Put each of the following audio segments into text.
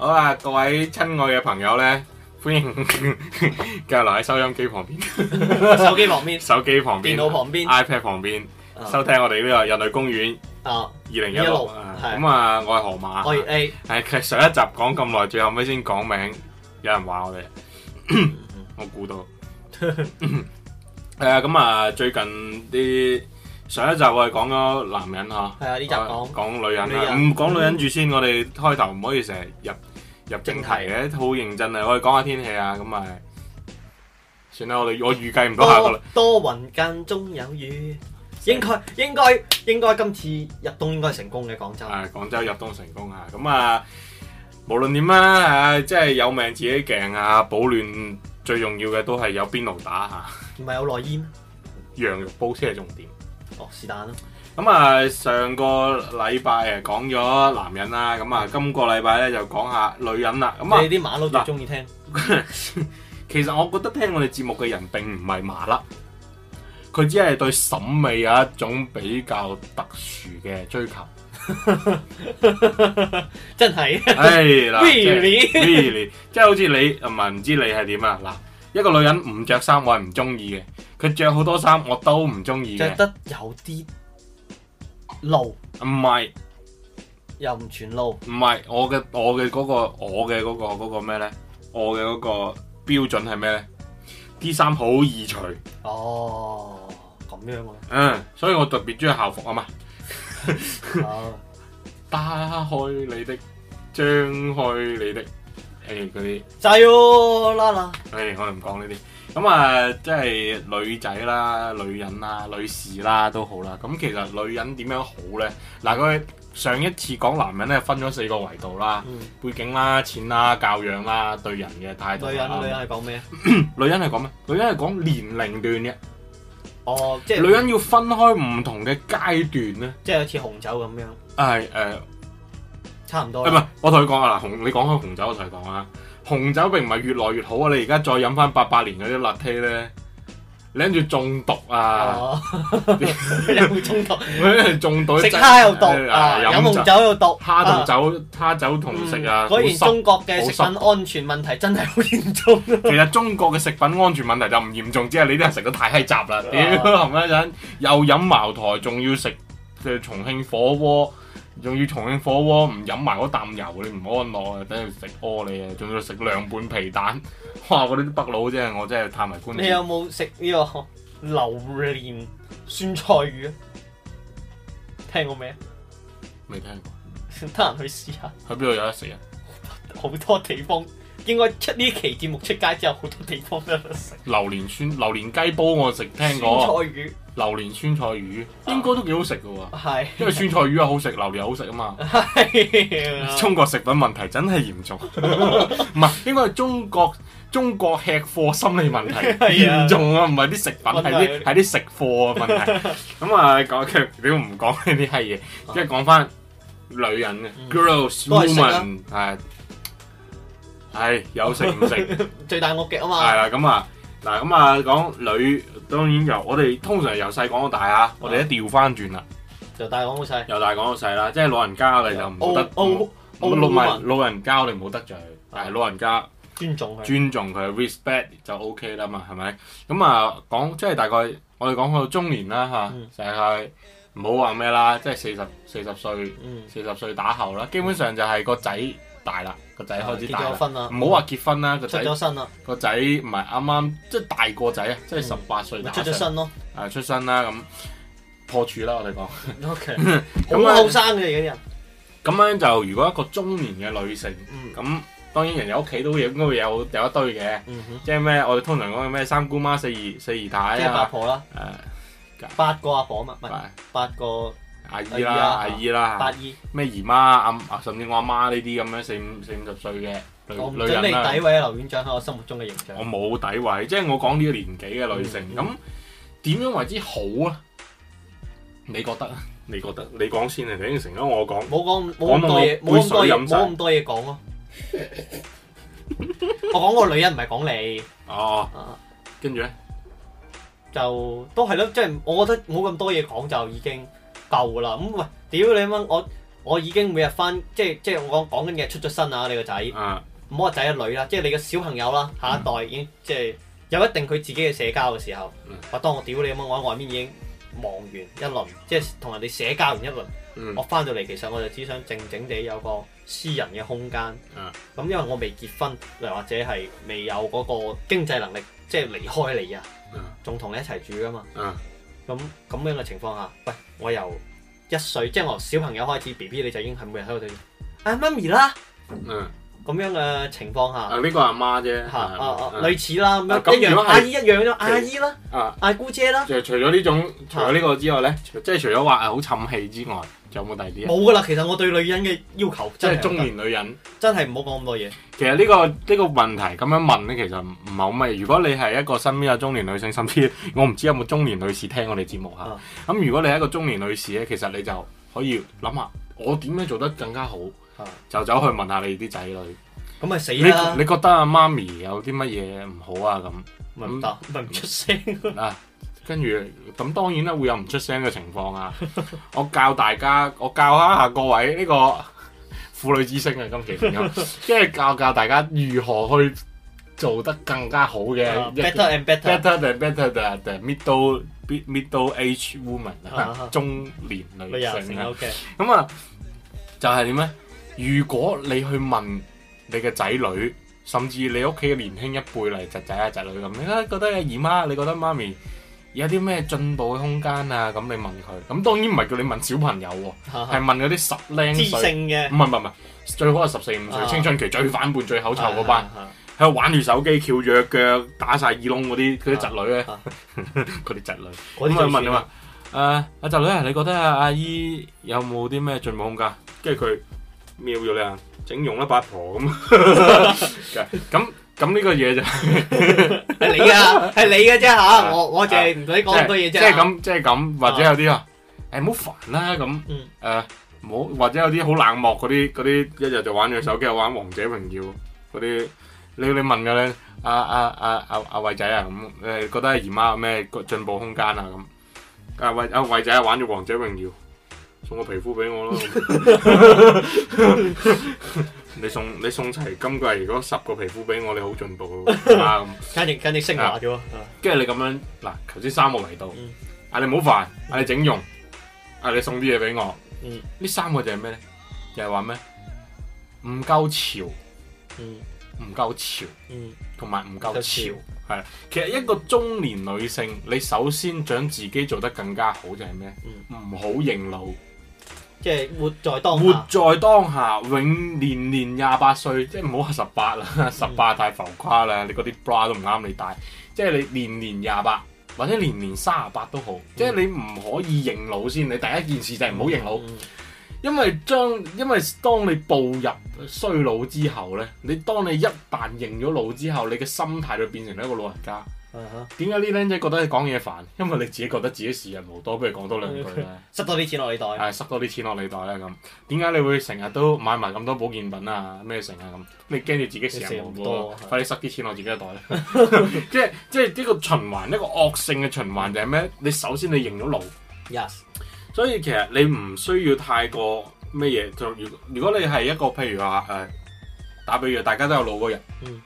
好啊！各位親愛嘅朋友咧，歡迎繼續留喺收音機旁邊，手機旁邊，手機旁邊，電腦旁邊，iPad 旁邊收聽我哋呢個《人類公園》啊，二零一六啊，咁啊，我係河馬，我係 A，係其實上一集講咁耐，最後尾先講名，有人話我哋，我估到，係啊，咁啊，最近啲上一集我係講咗男人啊，係啊，呢集講講女人，唔講女人住先，我哋開頭唔可以成日入。入正題嘅，好認真啊！我哋講下天氣啊，咁咪算啦。我哋我預計唔到下個啦。多雲間中有雨，應該應該應該，應該今次入冬應該係成功嘅廣州。係、啊、廣州入冬成功啊！咁啊，無論點啦，啊，即係有命自己勁啊，保暖最重要嘅都係有邊爐打吓。唔係有內煙？羊肉煲先係重點。哦，是但啦。咁啊，上個禮拜誒講咗男人啦，咁啊今個禮拜咧就講下女人啦。咁啊，你啲馬佬最中意聽。其實我覺得聽我哋節目嘅人並唔係麻甩，佢只係對審美有一種比較特殊嘅追求。真係。係嗱，really，really，即係好似你，唔係唔知你係點啊？嗱，一個女人唔着衫，我係唔中意嘅；佢着好多衫，我都唔中意。着得有啲。露唔係，又唔全露。唔係我嘅，我嘅嗰、嗰個，我嘅嗰、嗰個嗰、嗰個咩咧？我嘅嗰個標準係咩咧？啲衫好易除。哦，咁樣啊。嗯，所以我特別中意校服啊嘛。Oh. 打開你的，張開你的，誒嗰啲。加油啦啦！誒、欸，我哋唔講呢啲。咁啊，即係女仔啦、女人啦、女士啦都好啦。咁其實女人點樣好咧？嗱，佢上一次講男人咧，分咗四個維度啦，背景啦、錢啦、教養啦、對人嘅態度。女人女人係講咩啊？女人係講咩？女人係講年齡段嘅。哦，即係。女人要分開唔同嘅階段咧。即係好似紅酒咁樣。係誒，差唔多。唔係，我同你講啊，嗱，紅你講開紅酒我同你講啊。紅酒並唔係越來越好啊！你而家再飲翻八八年嗰啲 latte 咧，你諗住中毒啊？Oh. 有冇中毒？食蝦有毒，飲紅、啊、酒有毒，蝦同酒、啊、蝦酒同食啊！嗰、嗯、年中國嘅食品安全問題真係好嚴重、啊。其實中國嘅食品安全問題就唔嚴重，只係你啲人食得太稀雜啦。屌，後屘陣又飲茅台，仲要食誒重慶火鍋。仲要重慶火鍋唔飲埋嗰啖油，你唔安樂啊！等佢食屙你啊！仲要食涼拌皮蛋，哇！我啲北佬真係，我真係嘆為觀。你有冇食呢個榴蓮酸菜魚啊？聽過未啊？未聽過，得閒去試下。去邊度有得食啊？好多地方。應該出呢期節目出街之後，好多地方都有得食榴蓮酸榴蓮雞煲我，我食聽過。酸菜魚，榴蓮酸菜魚應該，應該都幾好食㗎喎。係，因為酸菜魚又好食，榴蓮好食啊嘛。啊，中國食品問題真係嚴重，唔 係，應該係中國中國吃貨心理問題嚴重啊，唔係啲食品係啲係啲食貨問題。咁啊，啊，講，唔講呢啲閪嘢，即係講翻女人 girls woman，嗯係有食唔食？吃吃 最大惡極啊嘛是！係啦，咁啊嗱，咁啊講女，當然由我哋通常由細講到大啊，我哋一調翻轉啦，由大講到細，由大講到細啦，即係老人家我哋就唔好得，老老人老人家我哋唔好得罪，啊、但係老人家尊重佢，尊重佢，respect 就 OK 啦嘛，係咪？咁啊講即係大概我哋講到中年啦吓，就係唔好話咩啦，即係四十四十歲，四十歲打後啦，嗯、基本上就係個仔大啦。個仔開始結咗婚啦，唔好話結婚啦，個出咗身啦，個仔唔係啱啱即係大個仔啊，即係十八歲大。出咗身咯，啊、就是，嗯、出身啦咁破處啦、okay. 我哋講。OK，好後生嘅一個人。咁樣就如果一個中年嘅女性，咁、嗯、當然人哋屋企都有，應該會有有一堆嘅，即係咩？我哋通常講嘅咩三姑媽、四姨、四姨太、啊、即係八婆啦、啊，誒，八個阿婆啊嘛，唔係八個。.阿姨啦，阿姨啦，八姨，咩姨媽啊？甚至我阿媽呢啲咁樣，四五四五十歲嘅女人啦。我唔想你詆毀劉院長喺我，我心目中嘅形象。我冇詆毀，即係我講呢個年紀嘅女性。咁、嗯、點樣為之好啊？你覺得啊？你覺得？你講先，你我我講啊！你已經成咗我講。冇講，冇咁多嘢，冇咁多，冇咁多嘢講咯。我講個女人唔係講你。哦。跟住咧，就都係咯，即係我覺得冇咁多嘢講就已經。夠啦，咁喂屌你阿媽，我我已經每日翻，即係即係我講講緊嘅出咗身啊，你個仔，唔好話仔啊女啦，即係你嘅小朋友啦，下一代已經、嗯、即係有一定佢自己嘅社交嘅時候，話、嗯、當我屌你阿媽，我喺外面已經忙完一輪，即係同人哋社交完一輪，嗯、我翻到嚟其實我就只想靜靜地有個私人嘅空間，咁、嗯、因為我未結婚，又或者係未有嗰個經濟能力，即、就、係、是、離開你啊，仲、嗯、同你一齊住噶嘛。嗯咁咁樣嘅情況下，喂，我由一歲，即係我小朋友開始，B B 你就已經係每日喺度對，啊，媽咪啦，嗯，咁樣嘅情況下，啊，呢、呢個阿媽啫，啊啊，啊，類似啦，咁、啊、樣、嗯、一樣，阿姨一樣咯，阿姨啦，啊，阿姑姐啦，就係除咗呢種，除咗呢個之外咧，即、啊、係除咗話係好沉氣之外。有冇第二啲？冇噶啦，其實我對女人嘅要求真係、真係、中年女人，真係唔好講咁多嘢。其實呢、呢個、呢個問題咁樣問咧，其實唔係好咩？如果你係一個身邊有中年女性，甚至我唔知有冇中年女士聽我哋節目嚇。咁、嗯、如果你係一個中年女士咧，其實你就可以諗下我點樣做得更加好，嗯、就走去問下你啲仔女。咁、嗯、咪死啦！你覺得阿媽咪有啲乜嘢唔好啊？咁唔得，唔、嗯、出聲啊！跟住咁，當然啦，會有唔出聲嘅情況啊。我教大家，我教一下各位呢個婦女之星啊。今期朋友即係教教大家如何去做得更加好嘅。Better and better, better and better, better, better, middle middle age woman，中年女性啊。OK，咁啊，就係點咧？如果你去問你嘅仔女，甚至你屋企嘅年輕一輩嚟侄仔啊、侄女咁，你覺得阿姨媽，你覺得媽咪？而有啲咩進步嘅空間啊？咁你問佢，咁當然唔係叫你問小朋友喎、啊，係問嗰啲十零歲。唔係唔係唔係，最好係十四五歲、啊、青春期最反叛、最口臭嗰班，喺、啊、度、啊、玩住手機、翹住腳、打晒耳窿嗰啲嗰啲侄女咧，嗰、啊、啲、啊、 侄女，咁啊問點啊？阿侄女啊，你覺得阿、啊、阿姨有冇啲咩進步空間㗎？跟住佢瞄咗你啊，整容啦八婆咁，咁。 咁呢個嘢就係你啊，係你嘅啫嚇，我我淨係唔使講咁多嘢啫。即係咁，即係咁，或者有啲啊，誒唔好煩啦咁。誒唔好，或者有啲好冷漠嗰啲嗰啲，一日就玩住手機，玩《王者榮耀》嗰啲。你你問嘅咧，阿阿阿阿阿偉仔啊咁，誒覺得姨媽有咩進步空間啊咁。阿偉阿偉仔啊，玩住《王者榮耀》，送個皮膚俾我咯。你送你送齊今集如果十個皮膚俾我，你好進步，簡簡直升華咗，跟住你咁樣嗱，頭先三個嚟到啊、嗯、你唔好煩，啊、嗯、你整容，啊、嗯、你送啲嘢俾我，呢、嗯、三個就係咩咧？就係話咩？唔夠潮，唔、嗯、夠潮，同埋唔夠潮，係啦。其實一個中年女性，你首先想自己做得更加好就係咩？唔、嗯、好認老。即係活在當下，活在當下，永年年廿八歲，即係唔好話十八啦，十八太浮誇啦，你嗰啲 bra 都唔啱你戴。即係你年年廿八，或者年年卅八都好，即係你唔可以認老先。你第一件事就係唔好認老，因為將因為當你步入衰老之後咧，你當你一旦認咗老之後，你嘅心態就變成一個老人家。點解啲靚仔覺得你講嘢煩？因為你自己覺得自己時日無多，不如講多兩句啦。 塞多啲錢落你袋。係塞多啲錢落你袋啦咁。點解你會成日都買埋咁多保健品啊？咩成啊咁？你驚住自己時日無多，無多快啲塞啲錢落自己嘅袋。即係即係呢個循環，一個惡性嘅循環就係咩？你首先你認咗老。Yes。所以其實你唔需要太過咩嘢。就如果如果你係一個譬如話誒，打比如大家都有老嗰日。嗯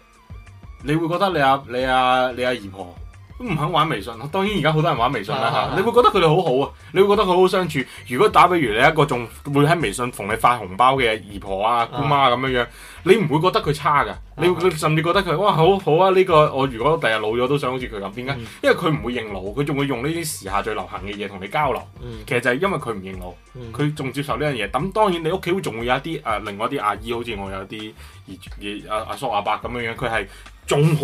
你會覺得你阿、啊、你阿、啊、你阿、啊、姨、啊、婆都唔肯玩微信，當然而家好多人玩微信啦、mm-hmm. 你會覺得佢哋好好啊，你會覺得佢好好相處。如果打比如你一個仲會喺微信同你發紅包嘅姨婆啊、姑媽咁、啊、樣、嗯、樣，你唔會覺得佢差噶，你會、mm-hmm. 甚至覺得佢哇好好啊！呢、這個我如果第日老咗都想好似佢咁，點解？Mm-hmm. 因為佢唔會認老，佢仲會用呢啲時下最流行嘅嘢同你交流。Mm-hmm. 其實就係因為佢唔認老，佢仲接受呢樣嘢。咁當然你屋企會仲會有一啲誒、呃、另外啲阿姨，好似我有啲阿叔阿伯咁樣樣，佢係。仲好，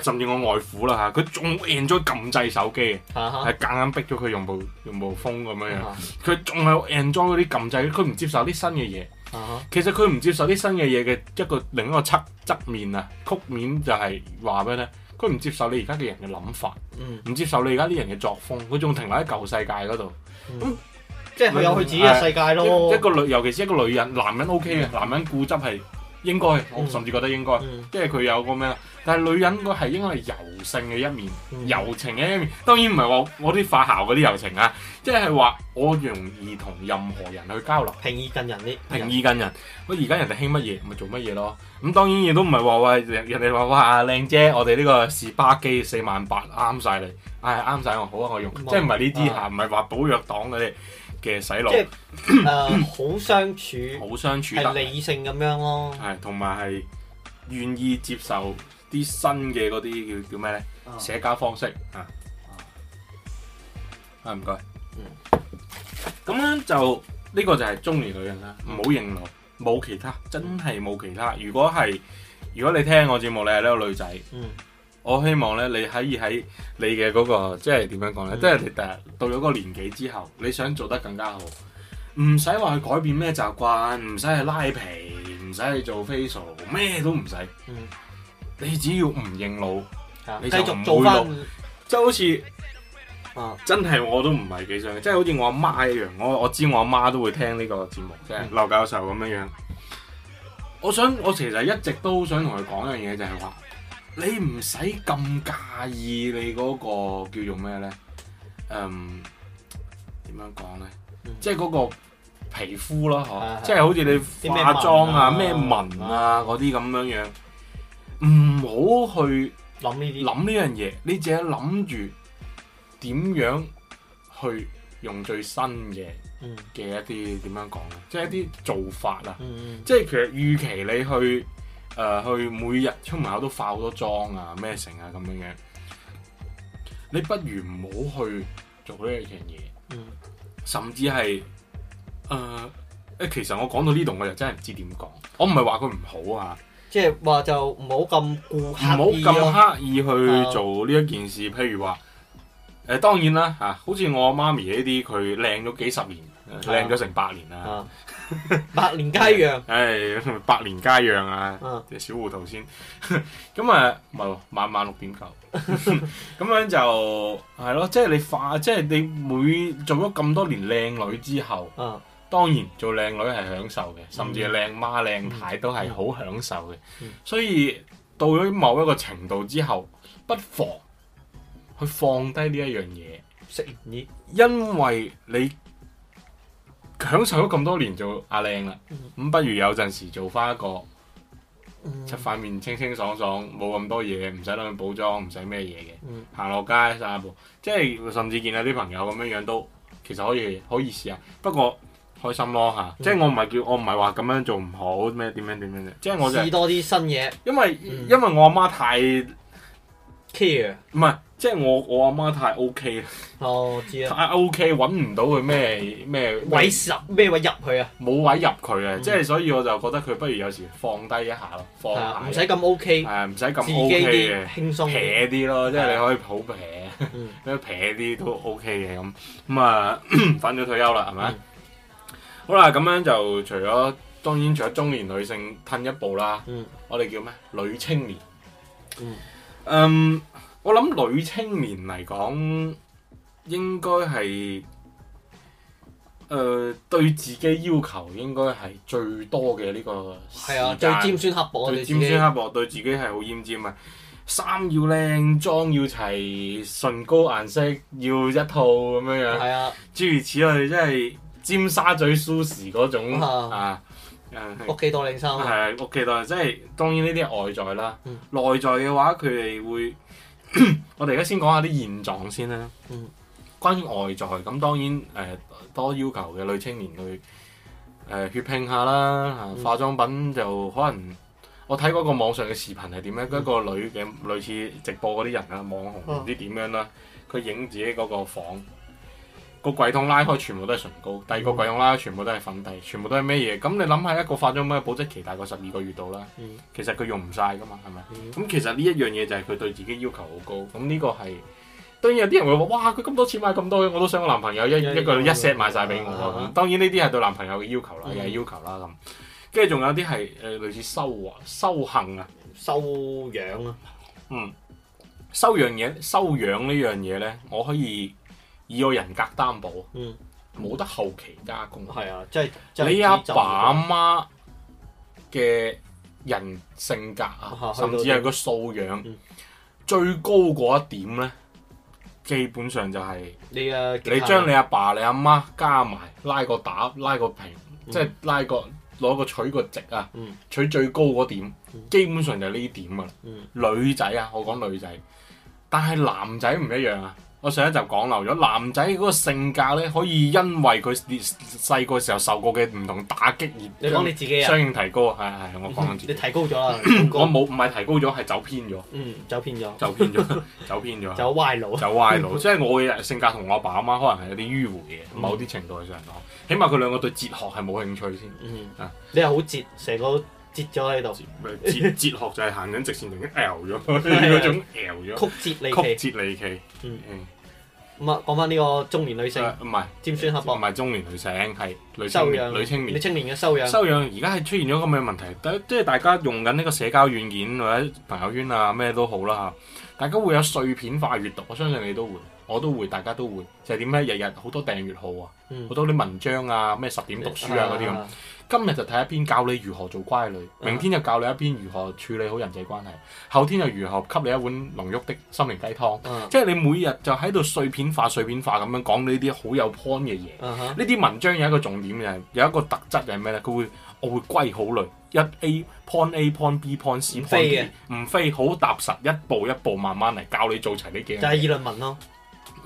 甚至我外父啦嚇，佢仲 enjoy 撳掣手機，係、uh-huh. 夾硬逼咗佢用部用部風咁樣樣，佢仲係 enjoy 嗰啲撳掣，佢唔接受啲新嘅嘢。Uh-huh. 其實佢唔接受啲新嘅嘢嘅一個另一個側側面啊，曲面就係話俾你聽，佢唔接受你而家嘅人嘅諗法，唔、uh-huh. 接受你而家啲人嘅作風，佢仲停留喺舊世界嗰度。咁、uh-huh. 嗯、即係佢有佢自己嘅世界咯。嗯、一個女，尤其是一個女人，男人 OK 嘅、uh-huh.，男人固執係。應該、嗯，我甚至覺得應該、嗯，即係佢有個咩？但係女人應該係應該係柔性嘅一面，嗯、柔情嘅一面。當然唔係話我啲發姣嗰啲柔情啊，即係話我容易同任何人去交流，平易近人啲，平易近人。咁而家人哋興乜嘢，咪做乜嘢咯。咁當然亦都唔係話喂人哋話哇靚姐，我哋呢個士巴機四萬八啱晒你，唉、哎，啱晒我，好啊我用，即係唔係呢啲嚇？唔係話保養黨嗰啲。嘅洗腦，即係誒，好、呃、相處，好、嗯、相處，係理性咁樣咯，係同埋係願意接受啲新嘅嗰啲叫叫咩咧？社、啊、交方式啊，啊唔該，嗯，咁樣就呢、呢個就係中年女人啦，唔、嗯、好認路，冇其他，真係冇其他。如果係如果你聽我節目，你係呢個女仔，嗯。我希望咧，你可以喺你嘅嗰個，即係點樣講咧？嗯。即係你第日到咗嗰個年紀之後，你想做得更加好，唔使話去改變咩習慣，唔使去拉皮，唔使去做 facial，咩都唔使。嗯。你只要唔認老，你繼續做老，即係好似，啊，真係我都唔係幾想，即係好似我阿媽一樣。我我知我阿媽都會聽呢個節目，即係劉教授咁樣樣，嗯。我想我其實一直都想同佢講一樣嘢，就係話。你唔使咁介意你嗰個叫做咩咧？嗯，點樣講咧？即係嗰個皮膚啦，嚇，即係好似你化妝啊、咩紋啊嗰啲咁樣樣，唔好去諗呢啲，諗呢樣嘢，你淨係諗住點樣去用最新嘅嘅一啲嗯、點樣講咧？即係一啲做法啊，嗯、即係其實預期你去。誒、呃、去每日出門口都化好多妝啊、咩成啊咁樣嘅。你不如唔好去做呢一樣嘢，嗯、甚至係誒誒，其實我講到呢度，我就真係唔知點講。我唔係話佢唔好、就是、啊，即係話就唔好咁顧，唔好咁刻意去做呢一件事。譬、哦、如話誒、呃，當然啦嚇，好似我媽咪呢啲，佢靚咗幾十年。靚咗成百年啦、啊，百、啊、年佳釀，唉、 哎，百年佳釀啊，小糊塗先，咁 啊、嗯，冇、 嗯，晚晚六點九，咁樣就係咯，即、就、係、是、你化，即、就、係、是、你每做咗咁多年靚女之後，啊、當然做靚女係享受嘅，甚至係靚媽靚、嗯、太，太都係好享受嘅、嗯，所以到咗某一個程度之後，不妨去放低呢一樣嘢，食嘢，因為你。享受咗咁多年做阿靚啦，咁、嗯、不如有陣時做翻一個，出、嗯、塊面清清爽爽，冇咁多嘢，唔使諗補妝，唔使咩嘢嘅，行、嗯、落街散下步，即係甚至見下啲朋友咁樣樣都，其實可以可以試下，不過開心咯吓、嗯，即係我唔係叫，我唔係話咁樣做唔好咩，點樣點樣啫，即係我試多啲新嘢，因為、嗯、因為我阿媽太 care，唔係。即係我我阿媽，媽太 OK 啦、哦，太 OK 揾唔到佢咩咩位入咩位入去啊？冇位入佢啊，嗯！即係所以我就覺得佢不如有時放低一下咯，放唔使咁 OK，唔使咁 OK 嘅，輕鬆撇啲咯，即係你可以好撇，你撇啲都 OK 嘅咁咁啊，快、嗯、到 退休啦，係咪、嗯、好啦，咁樣就除咗當然除咗中年女性褪一步啦、嗯，我哋叫咩女青年，嗯。Um, 我諗女青年嚟講，應該係，誒、呃，對自己要求應該係最多嘅呢個係啊，最尖酸刻薄、啊、對尖酸刻薄，對自己係好厭尖啊！衫要靚，妝要齊，唇膏顏色要一套咁樣樣。係啊，諸如此類，即係尖沙咀 Suzy 嗰種啊！誒、啊，屋企多靚衫、啊，係屋企多，即係當然呢啲外在啦、嗯。內在嘅話，佢哋會。 我哋而家先講下啲現狀先啦。嗯，關於外在咁，當然誒、呃，多要求嘅女青年去、呃、血拼下啦。化妝品就可能我睇嗰個網上嘅視頻係點咧？一個女嘅類似直播嗰啲人啦、啊，網紅唔知點樣啦，佢影自己嗰個房。個櫃桶拉開全部都係唇膏，第二個櫃桶拉開全部都係粉底、嗯，全部都係咩嘢？咁你諗下一個化妝品嘅保質期大概十二個月度啦、嗯，其實佢用唔晒噶嘛，係咪？咁、嗯、其實呢一樣嘢就係佢對自己要求好高，咁呢個係當然有啲人會話，哇，佢咁多錢買咁多，我都想我男朋友一、嗯、一個一 set 買晒俾我咯、嗯嗯。當然呢啲係對男朋友嘅要求、嗯、要求啦，又係要求啦咁。跟住仲有啲係誒類似修啊、修行啊、修養啊、嗯，嗯，修養嘢、修養呢樣嘢咧，我可以。以我人格擔保，冇、嗯、得後期加工。係啊，即係你阿爸阿媽嘅人性格啊，甚至係個素養，嗯、最高嗰一點咧，基本上就係你嘅。你將你阿爸、爸、你阿媽加埋，拉個打，拉個平，即、嗯、係、就係、拉個攞個取個值啊，取最高嗰點，基本上就係呢點噶啦、嗯。女仔啊，我講女仔，但係男仔唔一樣啊。我上一集講漏咗男仔嗰個性格咧，可以因為佢細個時候受過嘅唔同打擊而你講你自己相應提高，係，係我講住。你提高咗啦 ，我冇唔係提高咗，係走偏咗。嗯，走偏咗。走偏咗， 走偏咗。走歪路，走歪路。即係 我嘅性格同我阿爸阿媽可能係有啲迂回嘅，某啲程度上講、嗯，起碼佢兩個對哲學係冇興趣先、嗯。嗯，你係好哲成個。折咗喺度，唔係哲哲學，就係行緊直線同啲 L 咗，嗰種 L 咗，曲折離奇，曲折離奇。嗯嗯，唔，啊講返呢個中年女性，唔、啊、係尖酸刻薄，唔係中年女性，係女青女青年，女青年嘅修養，修養而家係出現咗個咩問題？即係大家用緊呢個社交軟件或者朋友圈啊咩都好啦嚇，大家會有碎片化閱讀，我相信你都會，我都會，大家都會，就係點咧？日日好多訂閱號啊，好、嗯、多啲文章啊，咩十點讀書啊嗰啲咁。啊今日就睇一篇教你如何做乖女，明天就教你一篇如何處理好人際關係，後天又如何給你一碗濃郁的心靈雞湯。即、嗯、係你每日就喺度碎片化、碎片化咁樣講呢啲好有 point 嘅嘢。呢、嗯、啲文章有一個重點嘅、就是，有一個特質係咩呢？佢會我會歸好類一 A point A point B point C 點飛嘅唔非好踏實，一步一步慢慢嚟教你做齊呢幾樣。就係、是、議論文咯。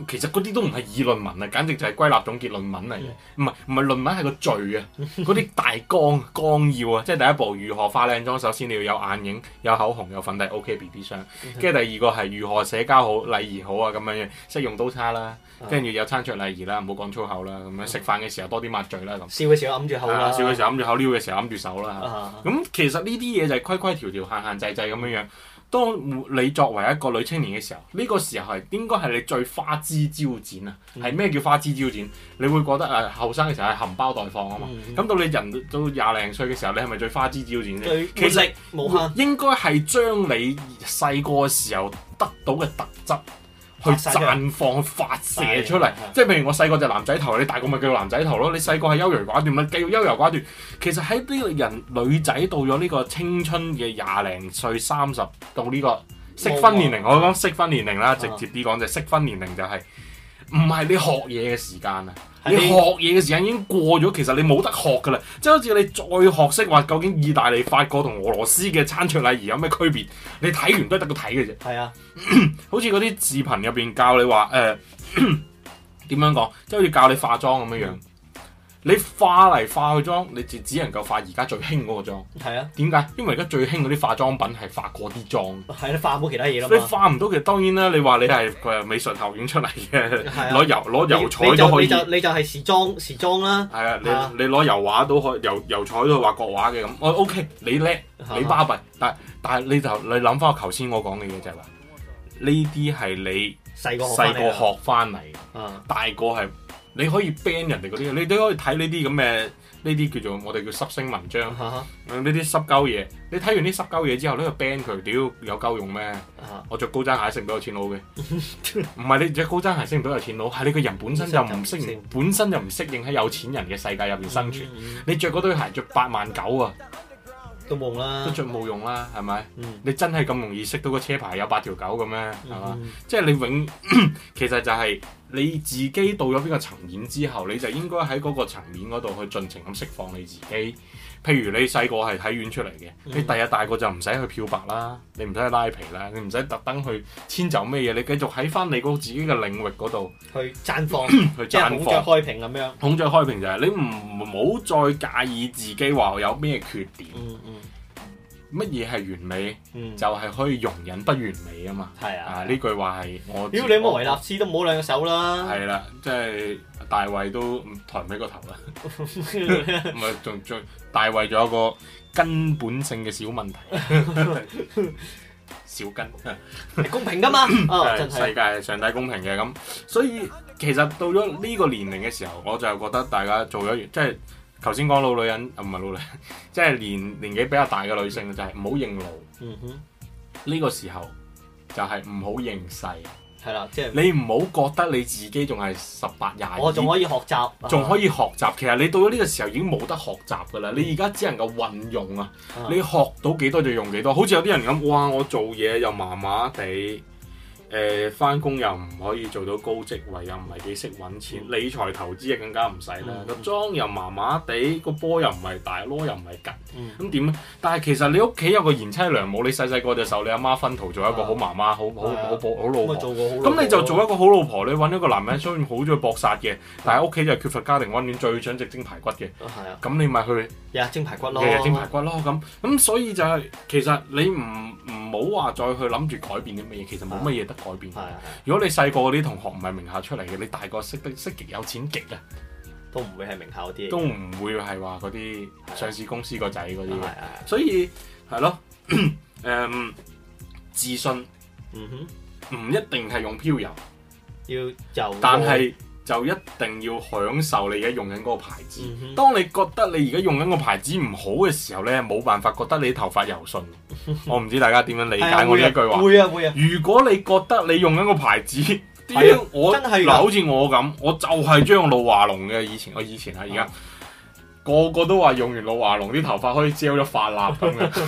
其實嗰啲都唔係議論文啊，簡直就係歸納總結論文嚟嘅。唔係唔係論文係個序啊。嗰啲大綱、綱要啊，即係第一步如何化靚妝，首先你要有眼影、有口紅、有粉底 OK BB 霜。跟住第二個係如何社交好、禮儀好啊咁樣樣。識用刀叉啦，跟住有餐桌禮儀啦，唔好講粗口啦，咁樣食飯嘅時候多啲抹嘴啦咁、 啊。笑嘅時候揞住口啦，笑嘅時候揞住口，嬲、啊、嘅時候揞住手啦嚇。咁其實呢啲嘢就係規規條條、限限制制咁樣樣。當你作為一個女青年嘅時候，呢、這個時候係應該係你最花枝招展啊！係、嗯、咩叫花枝招展？你會覺得誒後生嘅時候係含苞待放啊嘛，咁、嗯、到你人都廿零歲嘅時候，你係咪最花枝招展先？其實冇啊，應該係將你細個時候得到嘅特質。去綻放、發射出嚟、啊，即係譬、啊啊、如我細個就係男仔頭，你大個咪叫做男仔頭咯。你細個係優柔寡斷，咪繼續優柔寡斷。其實喺呢個人女仔到咗呢個青春嘅廿零歲三十到呢、呢個適婚年齡，我講適婚年齡啦、啊，直接啲講就適婚年齡就係唔係你學嘢嘅時間啊！你學嘢嘅時間已經過咗，其實你冇得學噶啦，即係好似你再學識話究竟意大利、法國同俄羅斯嘅餐桌禮儀有咩區別？你睇完都係得個睇嘅啫。係啊， 好似嗰啲視頻入邊教你話誒點樣講，即係好似教你化妝咁樣樣。嗯你化嚟化佢妝，你只只能夠化而家最興嗰個妝。係啊，點解？因為而家最興嗰啲化妝品係、啊、化嗰啲妝，係你化唔到其他嘢咯。你化唔到嘅，當然啦。你話你係美術學院出嚟嘅，攞、啊、油攞油，、啊啊、油，油，油彩都可以畫畫。OK，你就你就係時裝時裝啦。係啊，你你攞油畫都可，油油彩都畫國畫嘅咁。我 OK，你叻，你巴閉，但但係你就你諗翻我頭先我講嘅嘢就係話，呢啲係你細個細個學翻嚟，大個係。你可以 ban 人哋嗰啲，你都可以睇呢啲咁嘅，呢啲叫做我哋叫濕星文章，呢、uh-huh. 啲濕鳩嘢。你睇完啲濕鳩嘢之後，呢就 ban 佢，屌有鳩用咩？Uh-huh. 我着高踭鞋識唔到有錢佬嘅，唔 係你着高踭鞋識唔到有錢佬，係你個人本身就唔適應 本身就唔適應喺 有錢人嘅世界入邊生存。Uh-huh. 你着嗰對鞋着八萬九啊！都冇啦，都著冇用啦，係咪？你真係咁容易識到個車牌有八條狗咁咩？係、嗯、嘛，即係、就是、你永 其實就係你自己到咗邊個層面之後，你就應該喺嗰個層面嗰度去盡情咁釋放你自己。譬如你細個係睇院出嚟嘅，你第日大個就唔使去漂白啦，你唔使去拉皮啦，你唔使特登去遷就咩嘢，你繼續喺翻你個自己嘅領域嗰度去綻放， 去綻放，開屏。咁樣，孔雀開屏就係你唔好再介意自己話有咩缺點。嗯嗯。乜嘢係完美？嗯、就係、是、可以容忍不完美啊嘛。係啊，呢、啊、句話係我。屌你個維納斯都冇好兩個手啦。係啦，即、就、係、是、大衛都抬唔起個頭啦。唔係仲仲大衛仲有一個根本性嘅小問題， 小根。 係公平㗎嘛， 就是、世界上帝公平嘅咁，所以其實到咗呢個年齡嘅時候，我就覺得大家做咗即係。就是頭先講老女人，唔、啊、係老女人，即、就、係、是、年年紀比較大嘅女性就係唔好認老。呢、嗯，這個時候就係唔好認細。係、嗯、啦，即係你唔好覺得你自己仲係十八廿二，我仲可以學習，仲可以學習。啊、其實你到咗呢個時候已經冇得學習㗎啦、嗯。你而家只能夠運用啊。你學到幾多就用幾多、啊。好似有啲人咁，哇！我做嘢又麻麻地。誒翻工又唔可以做到高職位，又唔係幾識揾錢、嗯，理財投資又更加唔使啦。個、嗯、妝又麻麻地，個波又唔係大，攞又唔係緊，咁點咧？但係其實你屋企有個賢妻良母，你細細個嘅時候你阿媽熏陶做一個好媽媽，啊、好好、啊好，啊、好老婆。咁你就做一個好老婆，你揾一個男人、嗯、雖然好中意搏殺嘅，但係屋企就缺乏家庭溫暖，最想食蒸排骨嘅。咁、啊啊、你咪去日蒸、啊啊、排骨咯，日蒸、啊、排骨咯。咁咁、啊啊、所以就係其實你唔唔好話再去諗住改變啲乜嘢，其實冇乜嘢得。改變嘅。如果你細個嗰啲同學唔係名校出嚟嘅，你大個識得識極有錢極嘅，都唔會係名校啲。都唔會係話嗰啲上市公司個仔嗰啲。係係所以係咯，誒、 嗯、自信，唔、嗯、唔一定係用飄柔，要就。但係。就一定要享受你而家用緊嗰個牌子，嗯。當你覺得你而家用緊個牌子唔好嘅時候呢，冇辦法覺得你的頭髮柔順。 我唔知道大家點樣理解我呢一句話，啊啊啊啊。如果你覺得你用緊個牌子，啊啊，我真係好似我咁，我就係將露華濃嘅。以前我以前係而家個個都話用完露華濃啲頭髮可以膠咗髮蠟咁嘅。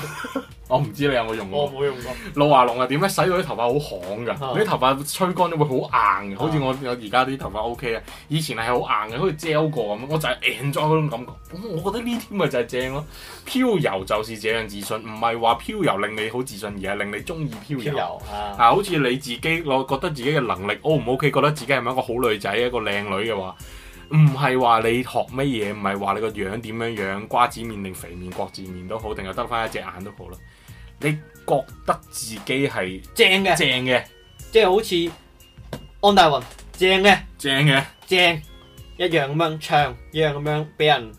我唔知你有冇用過、哦。我冇用過。露華濃啊，點咧？洗到啲頭髮好乾噶，啲、啊、頭髮吹乾咗會好硬嘅，好似我有而家啲頭髮 O K 啊。以前係好硬嘅，好似 gel 過咁。我就係 enjoy 嗰種感覺。我覺得呢啲咪就係正咯、啊。飄柔就是這樣自信，唔係話飄柔令你好自信，而係令你中意飄柔。啊，好似你自己我覺得自己嘅能力 O 唔 O K，覺得自己係咪一個好女仔一個靚女嘅話，唔係話你學乜嘢，唔係話你個樣點樣樣，瓜子面定肥面、國字面都好，定係得翻一隻眼都好咯。你覺得自己係正嘅，正嘅，即係好似安大雲，正嘅，正嘅，正一樣咁樣唱，一樣咁樣俾人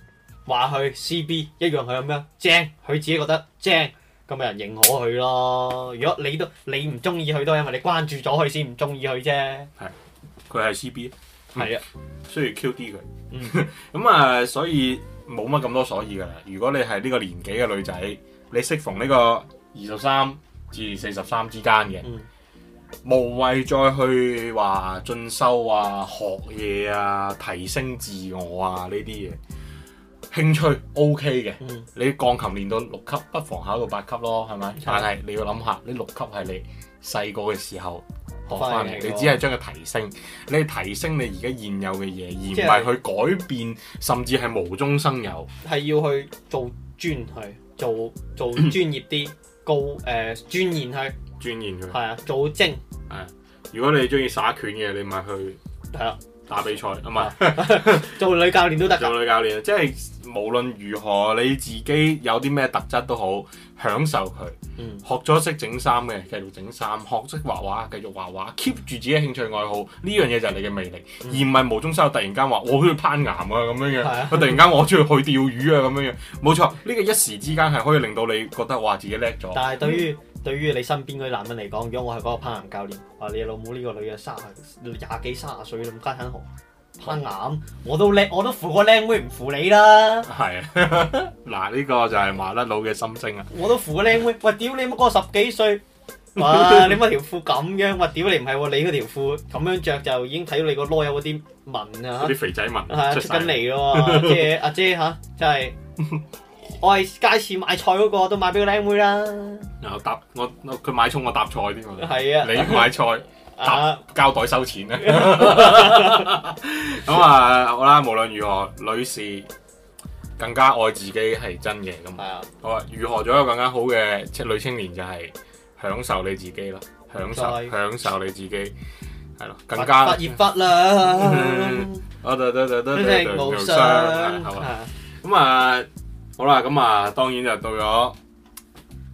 話佢 C B，一樣佢咁樣正，佢自己覺得正，咁咪人認可佢咯。如果你都你唔中意佢，都因為你關注咗佢先唔中意佢啫。係，佢係 C B，係啊 QD，需要 Q D 佢，嗯，咁啊，所以冇乜咁多所以噶啦。如果你係呢個年紀嘅女仔，你適逢呢、這個。二十三至四十三之間嘅、嗯，無謂再去話進修啊、學嘢啊、提升自我啊呢啲嘢。興趣 O K 嘅，你鋼琴練到六級，不妨考到八級咯，係咪、嗯？但係你要諗下，你六級係你細個嘅時候學翻嚟，你只係將佢提升，你提升你而家現有嘅嘢，而唔係去改變，就是、甚至係無中生有，係要去做專，去做做專業啲。 告誒、呃，尊嚴去尊嚴去。係啊，做精啊，如果你中意耍拳嘅，你咪去，打比賽啊嘛， 做女教練都得。做女教練，即係無論如何，你自己有啲咩特質都好，享受佢、嗯。學咗識整衫嘅，繼續整衫；學識畫畫，繼續畫畫。keep 住自己嘅興趣愛好，呢樣嘢就係你嘅魅力，嗯、而唔係無中生有、啊啊，突然間話我中意攀岩啊咁樣樣。佢突然間我中意去釣魚啊咁樣樣。冇錯，呢、呢個一時之間係可以令到你覺得話自己叻咗。但係對於、嗯對於你身邊嗰啲男人嚟講，如果我係嗰個攀岩教練，話你老母呢個女嘅卅廿幾卅歲咁家陣豪攀岩，我都叻，我都扶個靚妹唔扶你啦。係，嗱呢、這個就係麻甩佬嘅心聲啊！我都扶個靚妹，妹， 喂，屌你乜、那個十幾歲？哇，你乜條褲咁樣？喂，屌你唔係喎，你嗰條褲咁樣着，就已經睇到你個囉柚嗰啲紋啊，啲肥仔紋出緊嚟咯。阿姐，吓、啊啊，真係。 我係街市買菜嗰、那個都買俾個靚妹啦，然、啊、後搭我佢買葱我搭菜邊個？係啊，你買菜搭膠、啊、袋收錢咧。咁 啊，好啦，無論如何，女士更加愛自己係真嘅。咁、啊，好啊，如何做一個更加好嘅即女青年就係享受你自己咯、嗯，享受、嗯、享受你自己係咯、啊，更加發熱不啦，哦對得對冇對，無雙係嘛，咁啊。好啦，咁啊，當然就到咗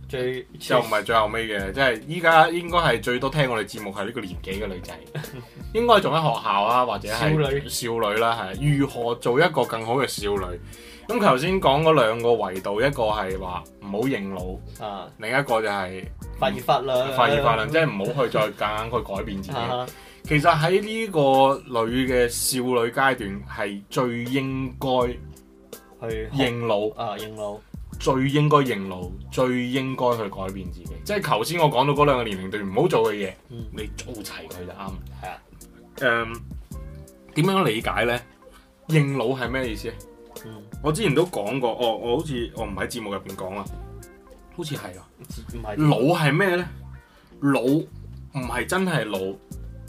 最又唔係最後尾嘅，即係依家應該係最多聽我哋節目係呢個年紀嘅女仔， 應該仲喺學校啊，或者係少女少女啦，係如何做一個更好嘅少女？咁頭先講嗰兩個維度，一個係話唔好認老、啊，另一個就係發熱發兩，發熱發兩，即係唔好去再夾硬去改變自己。啊、其實喺呢個女嘅少女階段，係最應該。認老啊，認老最應該認老，最應該去改變自己。即係頭先我講到嗰兩個年齡段唔好做嘅嘢，嗯，你做齊佢就啱。係、嗯、啊，誒，點樣理解呢？認老係咩意思？嗯，我之前都講過，我、哦、我好似我唔喺節目入邊講啦，好似係啊，唔係老係咩呢？老唔係真係老。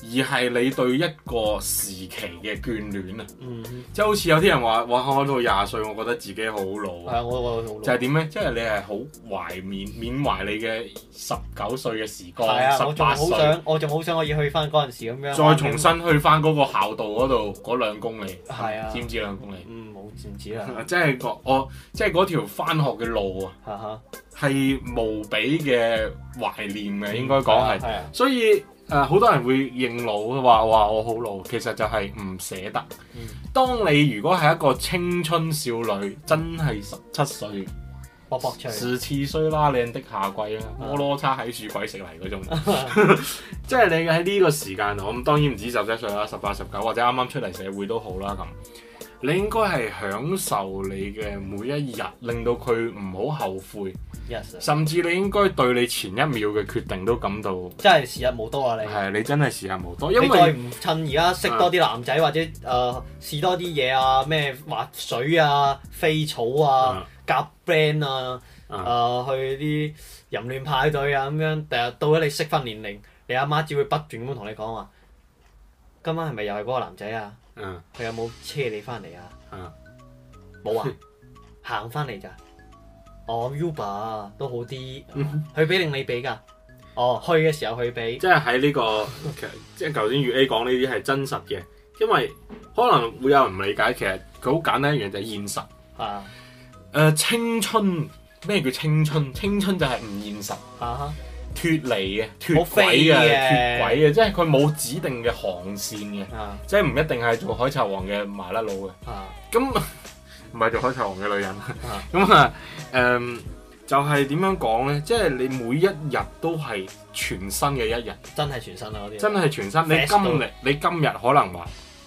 而係你對一個時期嘅眷戀啊，即、嗯、係好似有啲人話，哇！我到廿歲，我覺得自己好老啊。係啊，我我好老。嗯、就係點咧？即、嗯、係、就是、你係好懷緬緬懷你嘅十九歲嘅時光，十、嗯、八歲，我仲好想，我仲好想可以去翻嗰陣時咁樣。再重新去翻嗰個校道嗰度嗰兩公里，係啊，知唔知兩公里？嗯，冇、嗯、知啊。即、嗯、係、嗯就是、我即係嗰條返學嘅路啊，係、嗯、無比嘅懷念嘅、嗯，應該講係、嗯。所以。誒好多人會認老，話話我好老，其實就係唔捨得、嗯。當你如果係一個青春少女，真係十七歲，勃勃脆，是次衰拉靚的夏季啦、嗯，摩羅差喺樹鬼食嚟嗰種，即、嗯、係 你喺呢個時間，我咁當然唔止十七歲啦，十八、十九或者啱啱出嚟社會都好啦咁。.你應該係享受你嘅每一日，令到佢唔好後悔。Yes, 甚至你應該對你前一秒嘅決定都感到，真係時日無多啊你！你係你真係時日無多。因為你再唔趁而家識多啲男仔、嗯、或者誒試、呃、多啲嘢啊，咩滑水啊、飛草啊、夾、嗯、band 啊、誒、嗯呃、去啲淫亂派對啊咁樣，第日到咗你適婚年齡，你阿媽只會不斷咁同你講話：今晚係咪又係嗰個男仔啊？嗯，佢有冇車你翻嚟啊？嗯，冇啊，行翻嚟咋？哦、啊 oh，Uber 都好啲，佢俾定你俾噶？哦，去嘅、oh, 時候去俾。即係喺呢個， 其實即係頭先粵 A 講呢啲係真實嘅，因為可能會有人唔理解，其實佢好簡單的一樣就係、是、現實。啊，誒、呃，青春咩叫青春？青春就係唔現實。啊。哈脫離嘅脫軌嘅脫軌嘅，即係佢冇指定嘅航線嘅、啊，即係唔一定係做海賊王嘅麻甩佬嘅，咁唔係做海賊王嘅女人。咁啊誒、嗯，就係、是、點樣講咧？即係你每一日都係全新嘅一日，真係全新啊！嗰啲真係全新。First、你今日你今日可能話。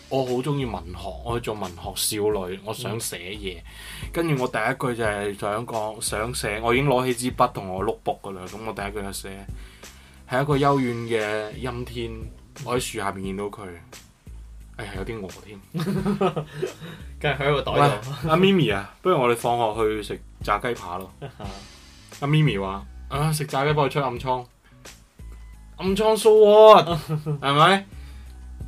我好中意文學，我去做文學少女，我想寫嘢。嗯。跟住我第一句就係想講想寫，我已經攞起支筆同我碌簿噶啦。咁我第一句就寫，喺一個幽怨嘅陰天，我喺樹下邊見到佢，哎呀，有啲餓添，跟住喺個袋度。阿咪咪啊，不如我哋放學去食炸雞扒咯。阿咪咪話啊食、啊、炸雞幫我出暗瘡，暗瘡 so 啊，係咪？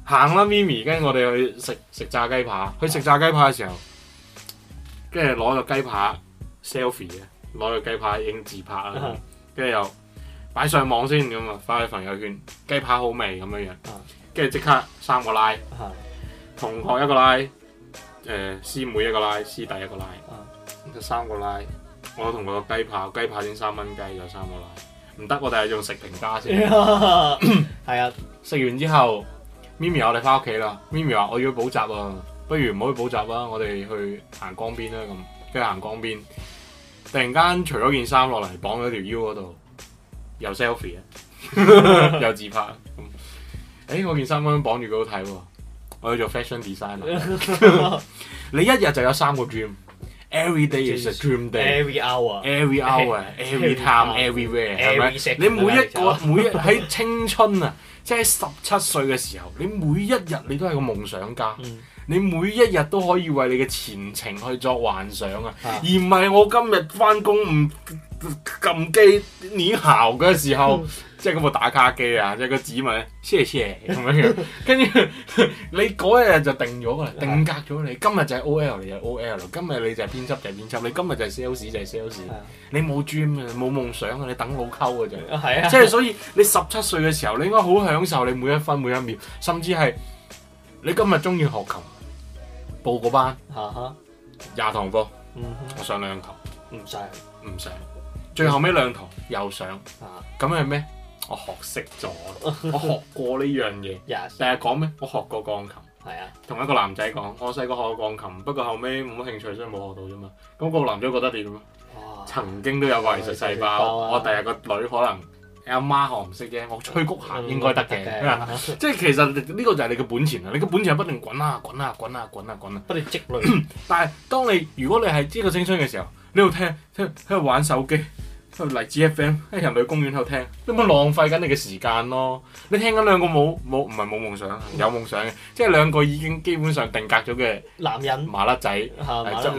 行啦咪咪，Mimmy，跟住我哋去食食炸雞排。去食炸雞排嘅時候，跟住攞個雞排 selfie 嘅，攞個雞排影自拍啊，跟、uh-huh. 住又擺上網先咁啊，發喺朋友圈。雞排好味咁樣樣，跟住即刻三個拉，uh-huh. 同學一個拉，誒、呃、師妹一個拉，師弟一個拉，uh-huh. 三個拉。我同個雞排，雞排先三蚊雞，就三個拉，唔得我哋用食評價先。係、yeah. 啊，食 完之後。咪咪我哋翻屋企啦，咪咪話我要補習啊，不如唔好去補習啦，我哋去行江邊啦咁，跟住行江邊。突然間除咗件衫落嚟，綁咗條腰嗰度，又 selfie 啊，又自拍。咁， 誒，我件衫咁樣綁住幾好睇喎，我要做 fashion designer。 你一日就有三個 dream。Every day is a dream day. Every hour, every hour, every time, everywhere，係咪？你每一個每一喺青春啊，即係十七歲嘅時候，你每一日你都係個夢想家，你每一日都可以為你嘅前程去作幻想啊，而唔係我今日返工唔撳機唸校嘅時候。即係嗰個打卡機啊！即係個指紋，切切咁樣樣。跟住你嗰日就定咗噶啦， 定格咗你。今日就係 O L，你就 O L。今日你就係編輯，就係編輯。你今日就係 sales、嗯、就係、是、sales、嗯。你冇 dream 啊，冇夢想啊，你等老溝嘅啫。啊，係啊。即係所以，你十七歲嘅時候，你應該好享受你每一分每一秒，甚至係你今日中意學琴，報個班，廿、啊、堂課、嗯，我上兩堂，唔上，唔上、嗯。最後尾兩堂又上，咁係咩？我學識咗，我學過呢樣嘢。成 日、yes。講咩？我學過鋼琴。係啊，同一個男仔講，我細個學過鋼琴，不過後尾冇乜興趣，所以冇學到啫嘛。咁、那個男仔覺得點啊？曾經都有個藝術細胞。哎、我第日個女可能阿媽學唔識啫，我催谷行應該得嘅。即係 其實呢個就係你嘅本錢啊！你嘅本錢不斷滾啊滾啊滾啊滾啊滾啊，不斷積累。 但係當你如果你係呢個青春嘅時候，喺度聽喺喺度玩手機。嚟自 FM，喺人類公園喺度聽，你咪浪費緊你嘅時間咯。你聽緊兩個冇冇，唔係冇夢想，有夢想嘅，即係兩個已經基本上定格咗嘅男，男人麻甩仔，麻甩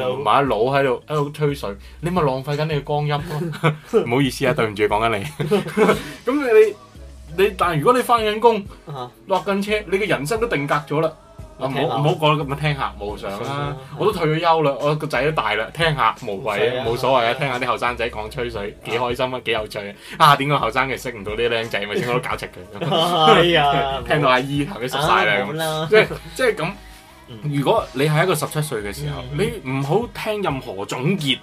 佬，喺度喺度吹水，你咪浪費緊你嘅光陰咯。唔 好意思啊，對唔住講緊你。咁 你你，你但係如果你翻緊工，落緊車，你嘅人生都定格咗啦。唔好唔好講咁啊！聽下冇上啦，我都退咗休啦、啊，我個仔都大啦，聽下無謂，冇所謂啊！謂聽下啲後生仔講吹水，幾、啊、開心啊，幾有趣啊！啊，點解後生嘅識唔到啲靚仔，咪全部搞直佢？係、哎、啊！聽到阿姨後屘熟晒啦，咁即係即係咁。如果你係一個十七歲嘅時候，嗯、你唔好聽任何總結，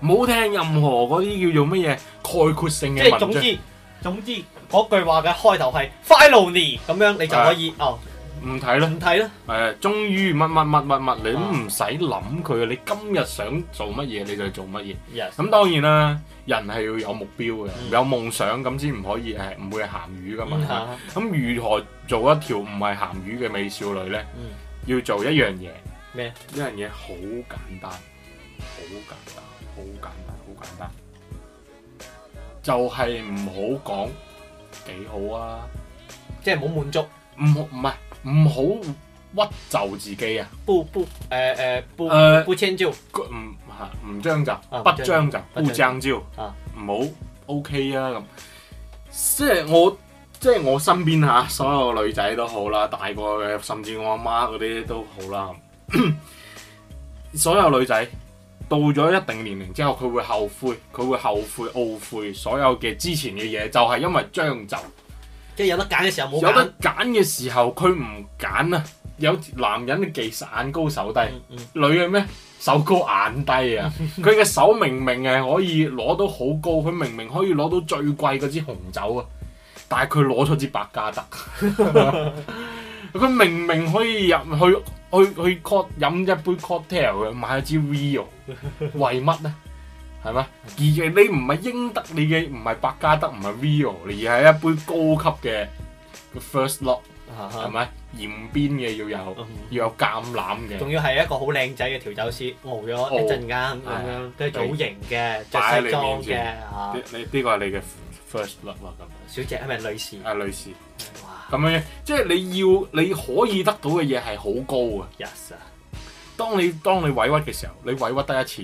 唔、嗯、好聽任何嗰啲叫做乜嘢概括性嘅文章。即係總之，總之嗰句話嘅開頭係 f i l o n 咁樣，你就可以哦。唔睇啦唔睇啦，誒，終於乜乜乜乜乜，你都唔使諗佢你今日想做乜嘢你就做乜嘢。咁、yes, 當然啦、嗯，人係要有目標嘅、嗯，有夢想咁先唔可以係唔會係鹹魚噶嘛。咁、嗯啊、如何做一條唔係鹹魚嘅美少女咧、嗯？要做一樣嘢，咩？一樣嘢好簡單，好簡單，好簡單，好簡單，就係唔好講幾好啊！即係好滿足，唔唔係。唔好屈就自己啊！不不，誒、呃呃、不、呃、不，不遷就，唔唔將就，不將就，不將就，唔好、啊、OK 啊！咁即係我即係我身邊嚇所有女仔都好啦，大個嘅甚至我阿媽嗰啲都好啦。所有女仔到咗一定年齡之後，佢會後悔，佢會後悔、懊悔所有嘅之前嘅嘢，就係、是、因為將就。即係有得揀嘅時候冇揀。有得揀嘅時候，佢唔揀啊！有男人嘅技術眼高手低女，女嘅咩手高眼低啊！佢嘅手明明係可以攞到好高，佢明明可以攞到，到最貴嗰支紅酒啊，但係佢攞咗支白加特。佢明明可以入去去去 c 飲一杯 cocktail 嘅，買支 Vio，為乜呢？係咩？而你唔係英德，你嘅唔係百加得，唔係 Vivo，而係一杯高級嘅 First Lock，係、uh-huh. 咪？沿邊嘅要有，uh-huh. 要有橄欖嘅。仲要係一個好靚仔嘅調酒師，熬、oh. 咗一陣間咁樣，uh-huh. 都係好型嘅，着西裝嘅、啊。你呢、這個係你嘅 First Lock 啦，咁。小姐係咪女士？係女士。咁樣，即、就、係、是、你要你可以得到嘅嘢係好高啊。Yes 啊！當你當你委屈嘅時候，你委屈得一次，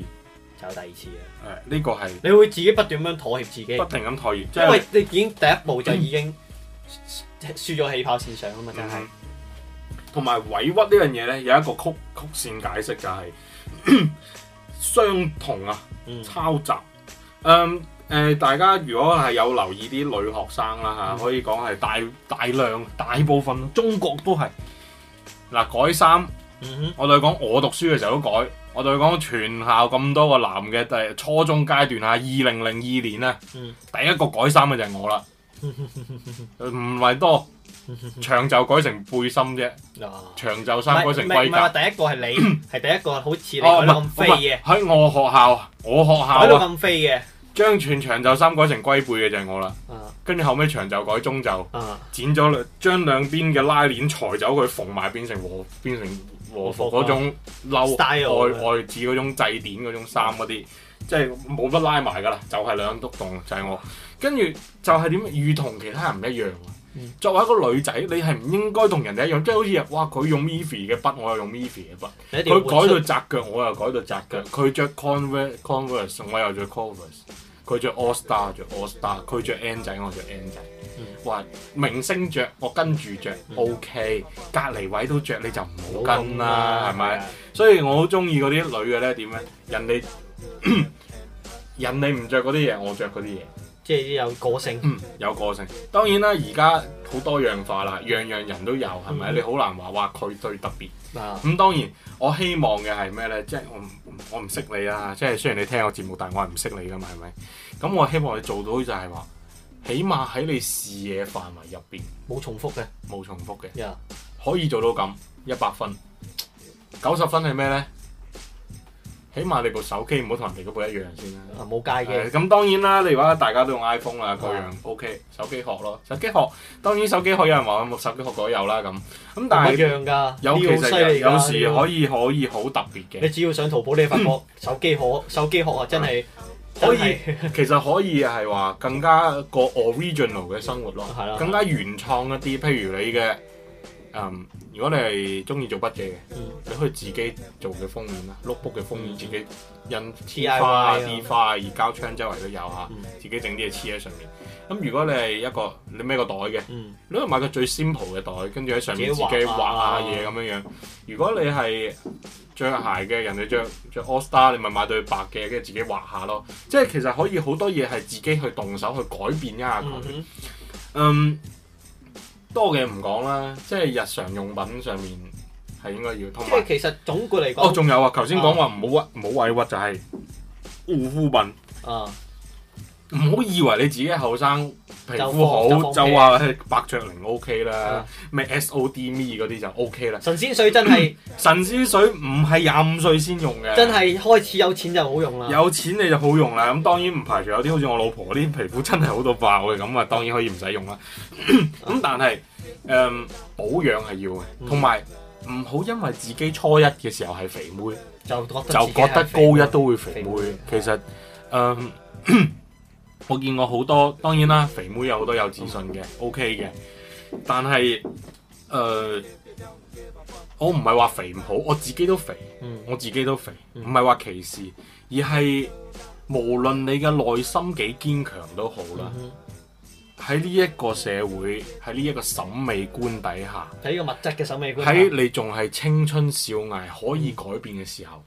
就有第二次啊！誒，呢個係你會自己不斷咁樣妥協自己，不停咁妥協，就係、因為你已經第一步就已經輸咗起跑線上啊嘛、嗯嗯，真係。同埋委屈呢樣嘢咧，有一個曲曲線解釋就係相同啊，嗯、抄襲。嗯，誒，大家如果係有留意啲女學生啦、啊、吓，嗯、可以講係大大量大部分中國都係嗱、啊、改衫，嗯嗯，我同你講，我讀書嘅時候都改。我對講講全校咁多個男嘅，第初中階段啊，二零零二年咧，嗯、第一個改衫嘅就係我啦，唔 係多長袖改成背心啫，啊、長袖衫改成龜背。唔係，第一個係你，係 第一個好似你咁樣咁飛嘅。喺、啊、我學校，我學校喺、啊、咁飛嘅，將全長袖衫改成龜背嘅就係我啦。跟、啊、住後尾長袖改中袖，啊、剪咗將兩邊嘅拉鏈裁走佢，縫埋變成變成。和服嗰、啊、種褸、啊，外外置嗰種祭典嗰種衫嗰啲，即係冇得拉埋㗎啦，就係、是、兩篤動，就係、是、我。跟住就係點？如同其他人唔一樣、嗯。作為一個女仔，你係唔應該同人哋一樣，即係好似哇，佢用 MiFi 嘅筆，我又用 MiFi 嘅筆。佢改到窄腳，我又改到窄腳。佢、嗯、着 Converse Converse，我又着 Converse、嗯。佢着 all star 著 all star，佢着 N 仔我着 N 仔、嗯，哇！明星着，我跟住着。嗯、o、OK, k 隔籬位都着，你就唔好跟啦、啊，係咪？所以我好中意嗰啲女嘅咧，點咧？人哋 人哋唔着嗰啲嘢，我着嗰啲嘢。即係有個性，嗯，有個性。當然啦，而家好多樣化啦，樣樣人都有，係咪？嗯，你好難話話佢最特別。啊，咁，嗯，當然我希望嘅係咩咧？即係我我唔識你啦，即係雖然你聽我節目，但係我係唔識你噶嘛，係咪？咁我希望你做到就係話，起碼喺你視野範圍入邊冇重複嘅，冇重複嘅，Yeah. 可以做到咁一百分，九十分係咩咧？起碼你部手機唔好同人哋嗰部一樣先啦。冇街機。咁當然啦，例如話大家都用 iPhone 啊，各樣、嗯、OK。手機殼咯，手機殼當然手機殼有人話冇手機殼嗰啲有啦咁。咁但係唔一樣㗎。有其有時可以可以好特別嘅。你只要上淘寶你，你發覺手機殼手機殼啊真係可以，可以 其實可以係話更加個 original 嘅生活咯。係啦。更加原創一啲，譬如你嘅。嗯、um，如果你係中意做筆記嘅，你可以自己做嘅封面啦、嗯，notebook 嘅封面、嗯、自己印貼花啊、貼花啊、熱膠槍周圍都有嚇、嗯，自己整啲嘢黐喺上面。咁、嗯、如果你係一個你孭個袋嘅、嗯，你可以買個最 simple 嘅袋，跟住喺上面自己畫下嘢咁樣樣。如果你係着鞋嘅，人哋着著 all star，你咪買對白嘅，跟住自己畫下咯。即、嗯、係其實可以好多嘢係自己去動手去改變一下佢，嗯。Um, 多嘅唔講啦，即係日常用品上面係應該要通。即係其實總括嚟講，哦，仲有剛才啊，頭先講話唔好屈，唔好委屈就係護膚品。啊。唔好以為你自己後生皮膚好就話百雀羚 OK 啦，咩、嗯、SOD Me 嗰啲就 OK 啦。神仙水真係、嗯、神仙水唔係廿五歲先用嘅，真係開始有錢就好用啦。有錢你就好用啦，咁當然唔排除有啲好似我老婆啲皮膚真係好到爆嘅，咁啊當然可以唔使用啦。咁 但係誒、嗯、保養係要嘅，同埋唔好因為自己初一嘅時候係肥妹，就覺得妹就覺得高一都會肥妹。肥妹的的其實誒。嗯 我見過好多，當然啦，肥妹有好多有自信嘅、嗯、，OK 嘅。但係，誒、呃，我唔係話肥唔好，我自己都肥，嗯、我自己都肥，唔係話歧視，而係無論你嘅內心幾堅強都好啦。喺呢一個社會，喺呢一個審美觀底下，喺呢個物質嘅審美觀，喺你仲係青春少艾，可以改變嘅時候，嗯、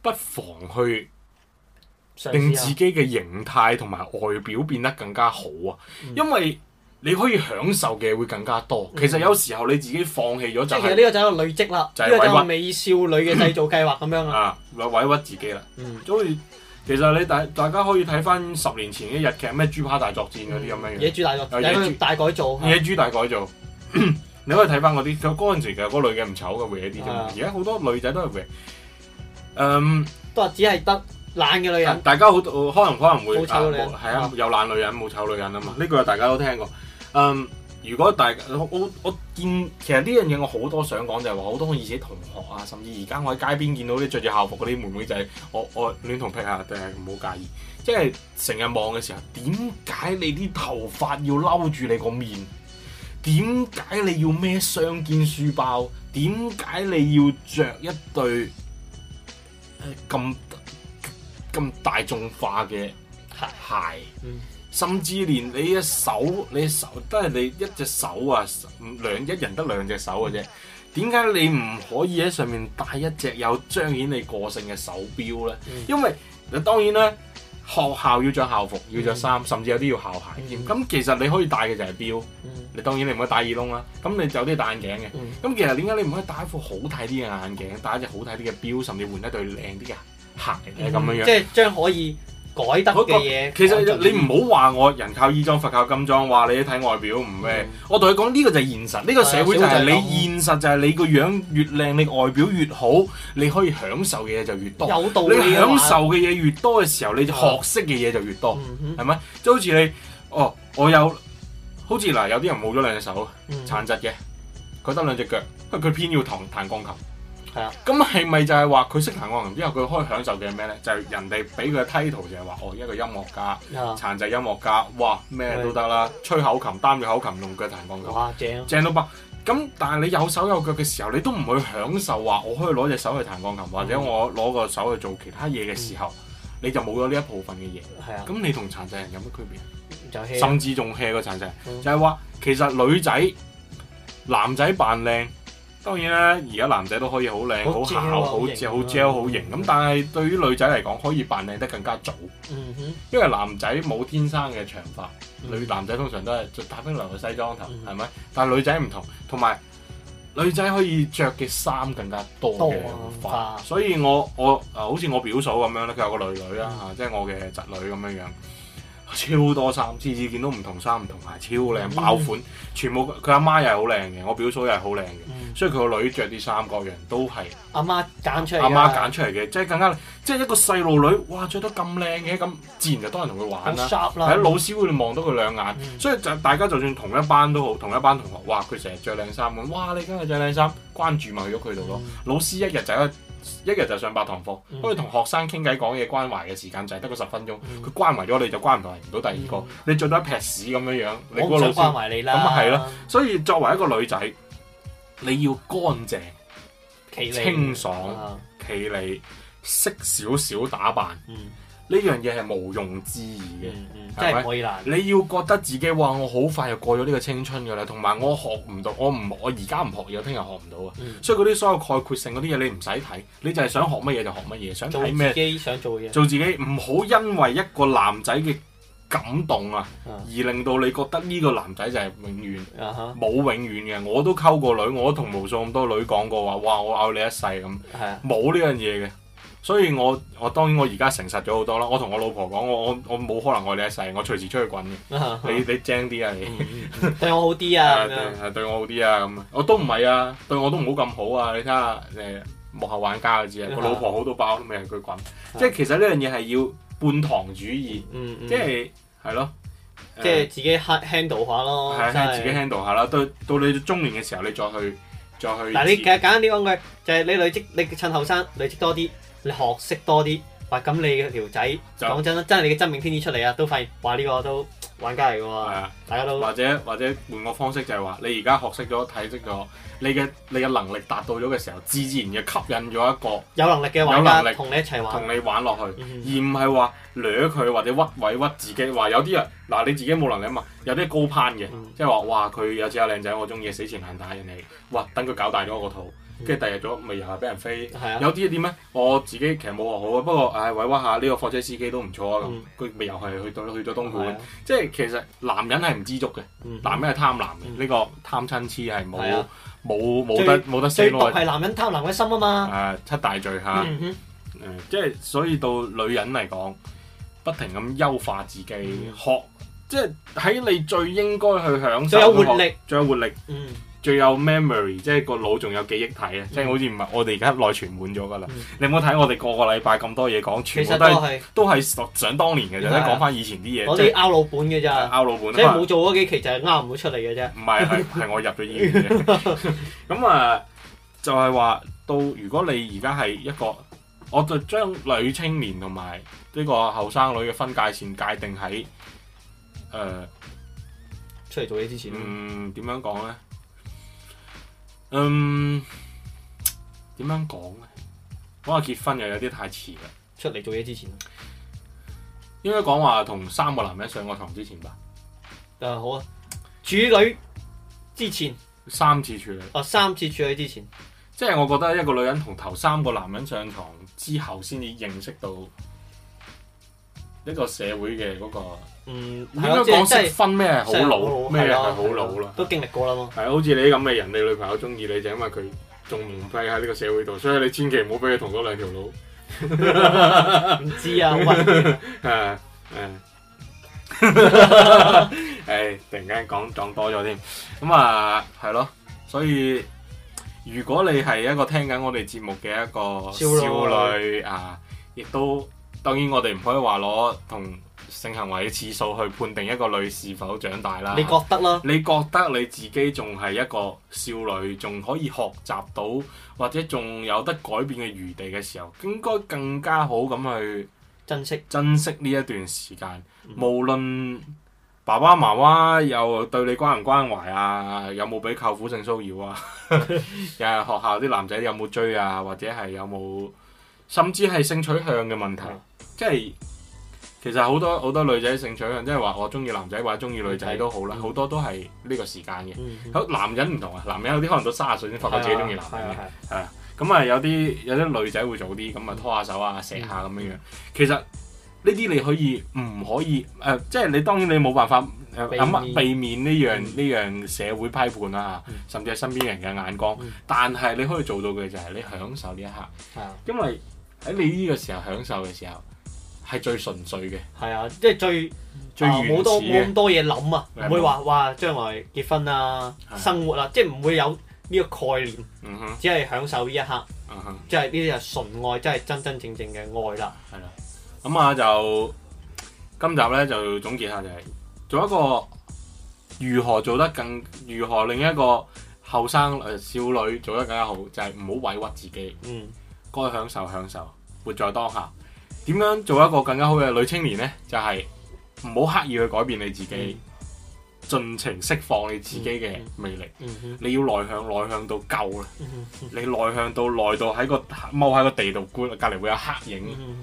不妨去。令自己嘅形態同埋外表變得更加好啊，嗯！因為你可以享受嘅會更加多，嗯。其實有時候你自己放棄咗，就即係呢個就一個累積啦，呢個就一個美少女嘅製造計劃咁樣啊，委屈自己啦。所以其實你大大家可以睇翻十年前嘅日劇，咩豬扒大作戰嗰啲咁樣嘅野豬大作，野豬大改造，嗯，野豬大改造，大改造，嗯， 你可以睇翻嗰啲。佢嗰陣時其實嗰女嘅唔醜嘅會一啲啫嘛，而家好，嗯、多女仔都係會，都係只係得。懶嘅女人，大家好，可能可能會冇醜，係啊，有懶女人冇醜女人啊，啊、嗯、女人女人嘛，呢句大家都聽過。嗯，如果大家我我見，其實呢樣嘢我好多想講就係話，好多以前同學啊，甚至而家我喺街邊見到啲着住校服嗰啲妹妹仔，我我戀童癖啊定唔好介意？即係成日望嘅時候，點解你啲頭髮要嬲住你個面？點解你要孭雙肩書包？點解你要着一對咁？呃咁大眾化嘅鞋，嗯，甚至連你嘅手，你手都係你一隻手啊，兩一人得兩隻手嘅啫。點、嗯、解你唔可以喺上面戴一隻有彰顯你個性嘅手表呢，嗯？因為嗱，當然啦，學校要着校服，嗯，要着衫，甚至有啲要校鞋。咁，嗯嗯、其實你可以戴嘅就係表，嗯。你當然你唔可以戴耳窿啦。咁你就有啲戴眼鏡嘅，咁，嗯、其實點解你唔可以戴一副好睇啲嘅眼鏡，戴一隻好睇啲嘅表，甚至換一對靚啲嘅行，嘅嘢咁樣樣、嗯，即係將可以改得嘅嘢。其實你唔好話我人靠衣裝，佛靠金裝，話你一睇外表唔咩、嗯。我同你講呢、呢個就係現實，呢、呢個社會就係你現實就係你個樣越靚，你外表越好，你可以享受嘅嘢就越多。有道理你享受嘅嘢越多嘅時候，你就學識嘅嘢就越多，係、嗯、咪？即係好似你，哦，我有好似嗱，有啲人冇咗兩隻手，嗯、殘疾嘅，佢得兩隻腳，佢偏要彈彈鋼琴。係啊，咁係咪就係話佢識彈鋼琴之後，佢可以享受嘅係咩咧？就係、是、人哋俾佢嘅 title 就係話哦，一個音樂家，啊、殘疾音樂家，哇咩都得啦、啊，吹口琴擔住口琴用腳彈鋼琴，哇正、啊、正到爆。咁但係你有手有腳嘅時候，你都唔會享受話我可以攞隻手去彈鋼琴、嗯，或者我攞個手去做其他嘢嘅時候，嗯、你就冇咗呢一部分嘅嘢。係啊，咁你同殘疾人有乜區別？啊、甚至仲 hea 過殘疾人、啊嗯，就係、是、話其實女仔男仔扮靚。當然啦，而家男仔都可以好靚、好姣、好著、好好型。咁、嗯、但係對於女仔嚟講，可以扮靚得更加早、嗯。因為男仔冇天生嘅長髮，女、嗯、男仔通常都係着打冰涼嘅西裝頭，係、嗯、咪？但係女仔唔同，同埋女仔可以着嘅衫更加多，的多啊。所以我我好似我表嫂咁樣咧，佢有個女女啦嚇，即、嗯、係、就是、我嘅侄女咁樣樣。超多衫，次次見到唔同衫唔同鞋，超靚爆、嗯、款，全部佢阿媽又係好靚嘅，我表嫂又係好靚嘅，嗯、所以佢個女着啲衫各樣都係阿媽揀出嚟，阿媽揀出嚟嘅，即係更加即係一個細路女，哇着得咁靚嘅，咁自然就多人同佢玩啦，係啊老師會望到佢兩眼，所以就大家就算同一班都好，同一班同學，哇佢成日着靚衫，哇你今日着靚衫，關注埋咗佢度咯，嗯、老師一日就一日就是上八堂課，課，所以同學生傾偈講嘢關懷嘅時間就係得個十分鐘，佢、嗯、關懷咗你就關唔到第二個，嗯、你做到一撇屎咁樣樣，我關懷你啦。咁啊係咯，所以作為一個女仔，你要乾淨、企理清爽、企理識少少打扮。嗯呢樣嘢係毋庸置疑嘅，即、嗯、係可以難嘅。你要覺得自己話我好快就過咗呢個青春㗎啦，同埋我學唔到，我唔我而家唔學嘢，我聽日學唔到啊、嗯。所以嗰啲所有概括性嗰啲嘢，你唔使睇，你就係想學乜嘢就學乜嘢、嗯，想睇咩，做自己想做嘢，做自己唔好因為一個男仔嘅感動啊，而令到你覺得呢個男仔就係永遠冇、啊、永遠嘅。我都溝過女，我都同無數咁多女講過話，哇！我咬你一世咁，冇呢樣嘢嘅。所以我我當然我而家誠實咗好多啦。我同我老婆講，我我我冇可能愛你一世，我隨時出去滾嘅。你你精啲啊！你，你一點啊，對我好啲啊！係 對，對，對我好啲啊！咁我都唔係啊，對我都唔好咁好啊。你睇下誒幕後玩家嘅字啊，個老婆好到爆我都未，係佢滾。即、啊、係、就是、其實呢樣嘢係要半糖主義，即係係咯，即、嗯、係、就是、自己 handle 下咯，係自己 handle 下啦。到到你中年嘅時候，你再去再去嗱、啊，你其實簡單啲講句，就係、是、你累積，你趁後生累積多啲。你學識多啲，哇！咁你條仔講真啦，真係你嘅真命天子出嚟啊，都發現話呢個都玩家嚟嘅喎，大家都或者或者換個方式就係話，你而家學識咗、睇識咗，你嘅你嘅能力達到咗嘅時候，自然就吸引咗一個有能力嘅玩家同你一齊玩，同你玩落去，而唔係話掠佢或者屈委屈，屈自己。話有啲人嗱，你自己冇能力啊嘛，有啲高攀嘅，即係話哇，佢有隻有靚仔，我中意，死纏爛打人哋，哇！等佢搞大咗我個肚。」跟住第日咗，咪又係俾人飛。啊、有啲點咧？我自己其實冇話好，不過誒，委屈下呢個貨車司機都唔錯、嗯、啊。佢咪又係去到去咗東莞。即係其實男人係唔知足嘅、嗯，男人係貪婪嘅。呢、嗯這個貪親痴係冇冇冇得冇得死。最毒係男人貪婪嘅心啊嘛。誒、呃，七大罪嚇。誒、嗯嗯嗯，即係所以到女人嚟講，不停咁優化自己，嗯、學即係喺你最應該去享受。最有活力，仲有活力。嗯。最有 memory，即係個腦仲有記憶體啊、嗯！即係好似唔係我哋而家內存滿咗㗎啦。你唔好睇我哋個個禮拜咁多嘢講，全部都係都係想當年嘅啫，講翻以前啲嘢。我哋拗老本嘅啫，拗、就、老、是、本。即係冇做嗰幾期就係拗唔到出嚟嘅啫。唔係係係我入咗醫院啫。咁 啊， 就係、是、話，到。如果你而家係一個，我就將女青年同埋呢個後生女嘅分界線界定喺誒、呃、出嚟做嘢之前。嗯，點樣講咧？嗯，點樣講咧？講話結婚又有啲太遲啦。出嚟做嘢之前，應該講話同三個男人上過床之前吧。誒，好啊，處女之前三次處女哦，三次處女之前，即係我覺得一個女人同頭三個男人上床之後，先至認識到呢個社會嘅嗰個。嗯，應該講識分咩係好老，咩係好老啦，都經歷過啦。係好似你啲咁嘅人，你女朋友中意你，就因為佢仲蒙蔽喺呢個社會度，所以你千祈唔好俾佢同多兩條路。唔 知啊，誒誒、啊，誒、 哎，突然間講講多咗添，咁啊，係咯，所以如果你係一個聽緊我哋節目嘅一個少女啊，亦都，當然我哋唔可以話攞同。性行為嘅次數去判定一個女是否長大啦？你覺得啦？你覺得你自己仲係一個少女，仲可以學習到或者仲有得改變嘅餘地嘅時候，應該更加好咁去珍惜珍惜呢一段時間。無論爸爸媽媽有對你關唔關懷啊，有冇俾舅父性騷擾啊？誒，學校啲男仔有冇追啊？或者係有冇甚至係性取向嘅問題？即係。其實好多好多女仔性取向，即係話我中意男仔或者中意女仔都好啦，好多都係呢個時間嘅。好男人唔同啊，男人有啲可能到卅歲先發覺自己中意男人嘅，係啊。咁啊有啲有啲女仔會早啲，咁啊拖下手啊，錫下咁樣樣。其實呢啲你可以唔可以誒？即、呃、係、就是、你當然你冇辦法誒、呃，避免呢樣呢樣社會批判啦，甚至係身邊人嘅眼光。但係你可以做到嘅就係你享受呢一刻，因為喺你呢個時候享受嘅時候。係最純粹嘅，係啊，即係最最冇多冇咁多嘢諗啊，唔會話哇將來結婚啊，生活啊，即係唔會有呢個概念，嗯哼，只係享受呢一刻，即係呢啲就純愛，真係真真正正嘅愛啦。係啦，咁啊就今集咧就總結下就係做一個如何做得更，如何令一個後生誒少女做得更加好，就係唔好委屈自己，嗯，該享受享受，活在當下。點樣做一個更加好嘅女青年呢？就係唔好刻意去改變你自己，嗯、盡情釋放你自己嘅魅力。嗯、你要內向內向到夠啦、嗯，你內向到內到喺個踎喺個地度 g 隔離會有黑影、嗯，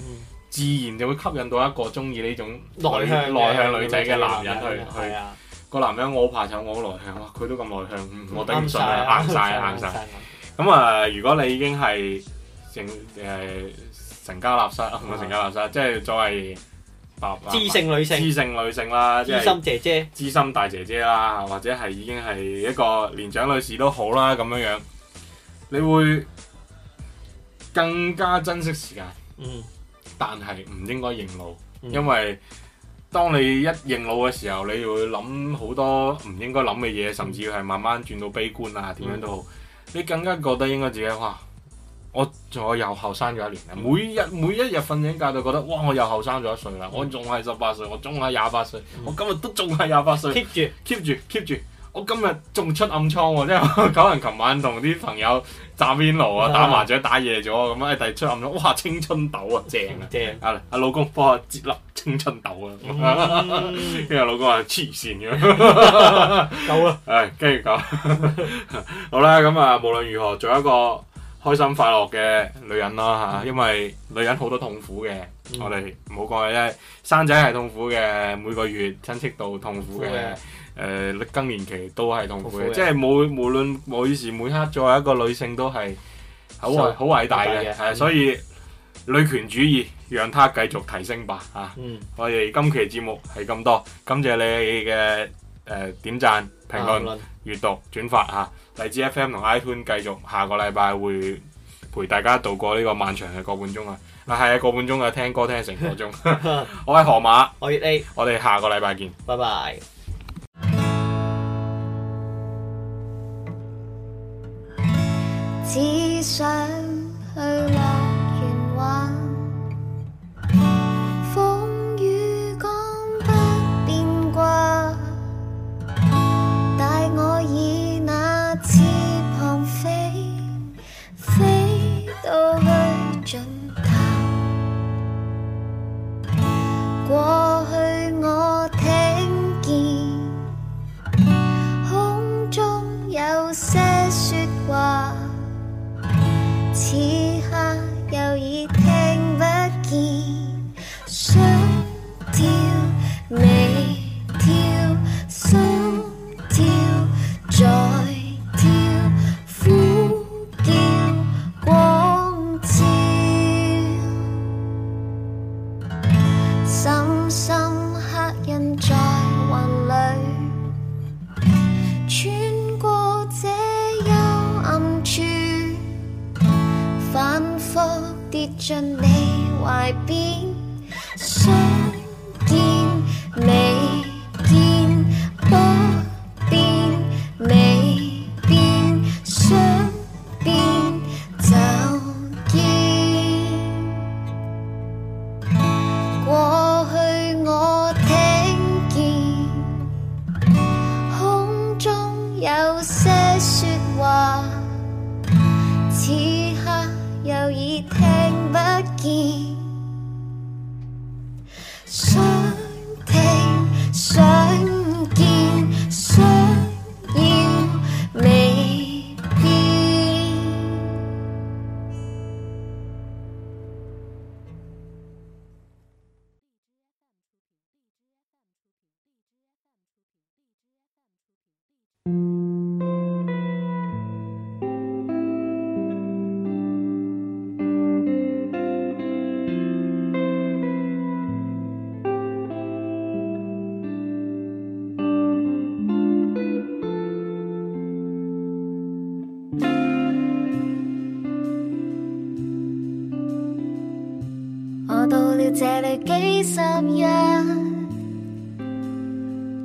自然就會吸引到一個中意呢種內向內向女仔嘅男人去男人去。個男人我好怕醜，我好、嗯、內向，哇！佢都咁內向，我頂唔順啦，硬晒硬晒。咁啊、嗯嗯嗯嗯，如果你已經係整誒。成家立室啊，成家立室，即係作為知性女性、知性女性啦，即係知心姐姐、知心大姐姐啦，或者係已經係一個年長女士都好啦，咁樣樣，你會更加珍惜時間。嗯，但係唔應該認老，嗯，因為當你一認老嘅時候，你會諗好多唔應該諗嘅嘢，甚至係慢慢轉到悲觀啊，點樣都好，你更加覺得應該自己哇～我仲我又後生咗一年啊！每日每一日瞓醒覺就覺得哇！我又後生咗一歲啦、嗯！我仲係十八歲，我仲係廿八歲，我今日都仲係廿八歲。keep、嗯、住，keep 住，keep 住！我今日仲出暗瘡喎、啊，即係可能琴晚同啲朋友打邊爐啊，打麻雀打，打夜咗咁啊，第二出暗瘡哇！青春痘啊，正啊！啊正啊！阿阿、啊、老公幫我擠粒青春痘啊！跟、嗯、住 老公話黐線嘅， 夠啦！誒、哎，跟住講好啦！咁啊，無論如何，做一個。開心快樂嘅女人咯嚇，因為女人好多痛苦嘅，嗯、我哋唔好講佢咧。生仔係痛苦嘅，每個月親戚到痛苦嘅，誒、呃、更年期都係痛苦嘅，即係每無,無論,無論每時每刻作為一個女性都係好好偉大嘅，係所以、嗯、女權主義讓她繼續提升吧嚇。啊嗯、我哋今期節目係咁多，感謝你嘅誒、呃、點讚、評論、閱讀、轉發嚇。啊荔枝 FM 同 iPhone 繼續下個禮拜會陪大家度過呢個漫長嘅個半鐘啊！啊係啊個半鐘啊，聽歌聽成個鐘。 我係河馬，我叫 A，我哋下個禮拜見，拜拜。只想去。進你懷邊。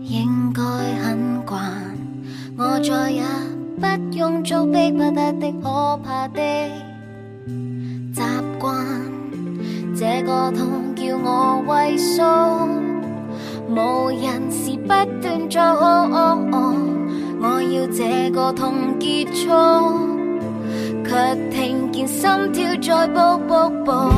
應該很慣，我再也不用做逼不得的可怕的習慣。這個痛叫我畏縮，無人時不斷在哦哦哦。我要這個痛結束，卻聽見心跳在搏搏搏。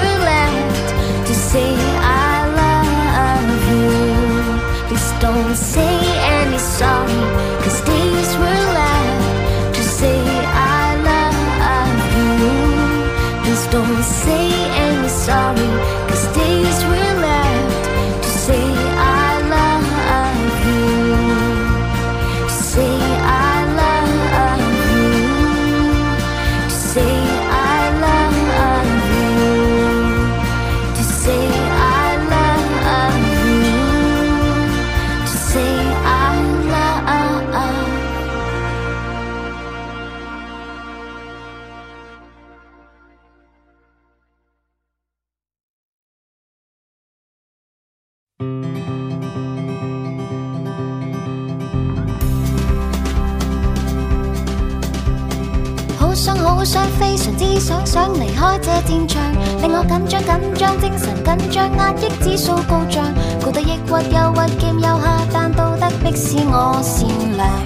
好想好想非常之想想離開這戰場，令我緊張緊張，精神緊張，壓抑指數高漲，覺得抑鬱又鬱，劍又下，但道德迫使我善良。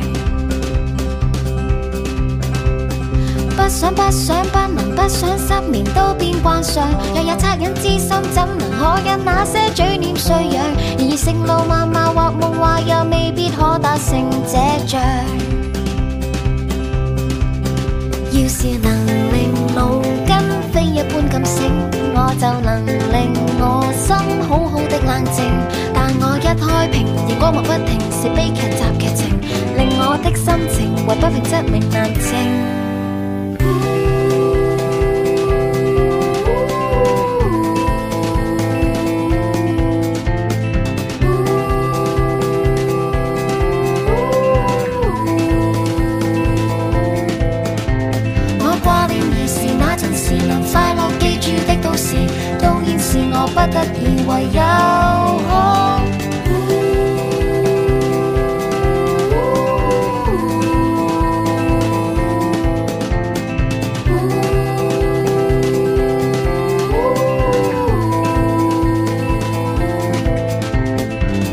不想不想不能不想，不能不想失眠都變慣常，若有惻隱之心，怎能可忍那些嘴臉碎樣？然而盛路漫漫或夢話，又未必可達成這仗。要是能令腦筋非一般咁醒，我就能令我心好好的冷靜。但我一開屏，熒光幕不停是悲劇集劇情，令我的心情為不平則鳴難靜。住的都市，當然是我不得已，唯有哭。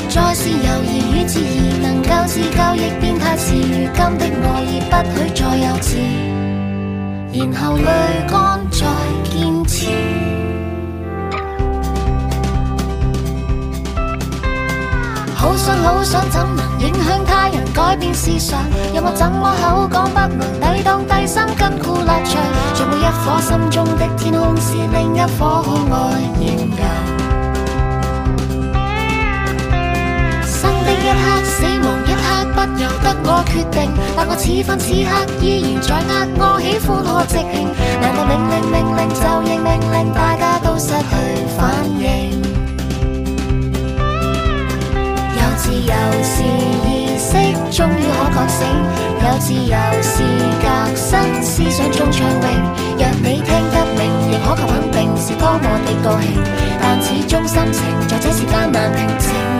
再是猶疑與遲疑，能夠自救亦變太遲，如今的我已不許再幼稚，然後淚乾。好想好想，怎能影響他人改變思想？有，有我怎麼口講不能抵擋第三更苦立場，在每一顆心中的天空是另一顆可愛影象。生的一刻，死亡一刻不由得我決定，但我此番此刻依然掌握。我喜歡我直行，難道命令命令就應命令，大家都失去反應。自由是意識終於可覺醒；有自由是革新，思想中暢泳。若你聽得明，亦可求肯定，是多麼的高興。但始終心情，在這時艱難平靜。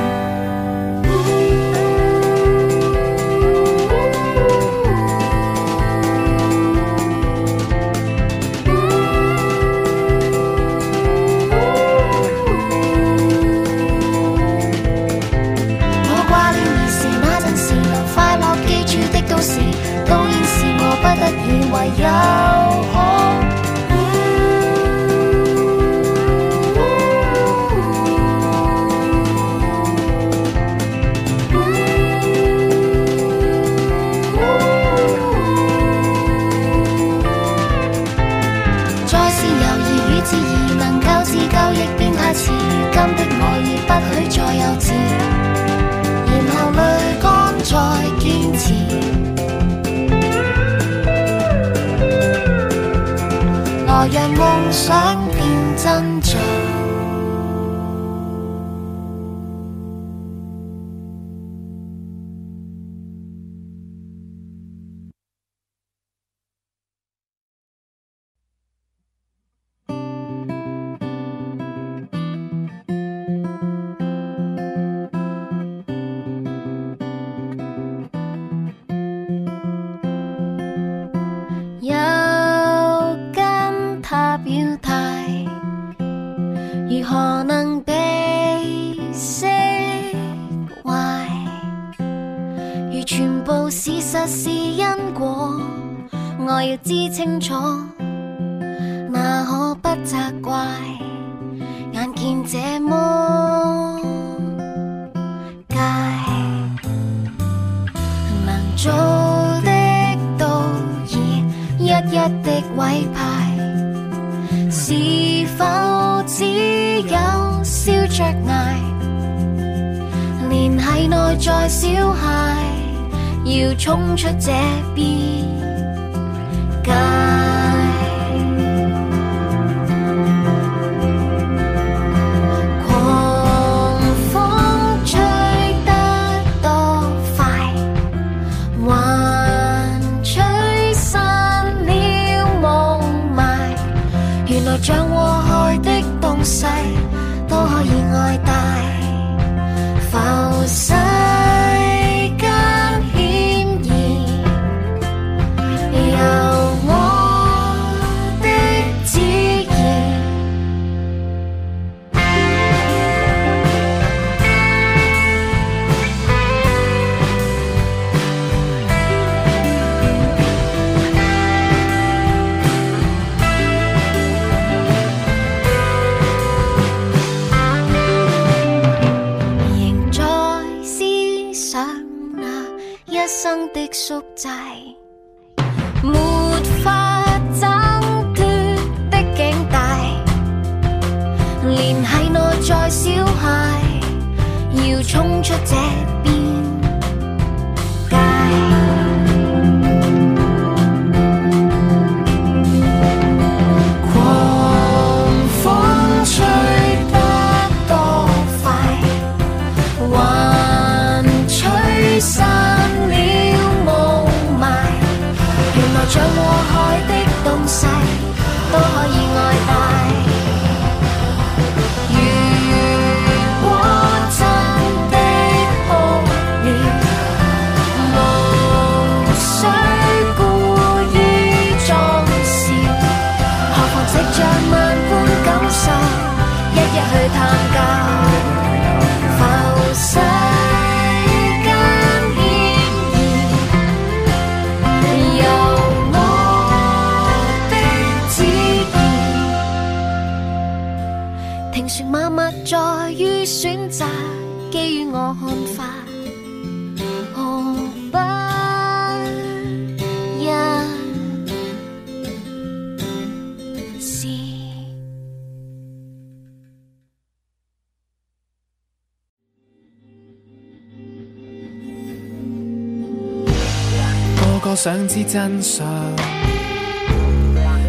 真相，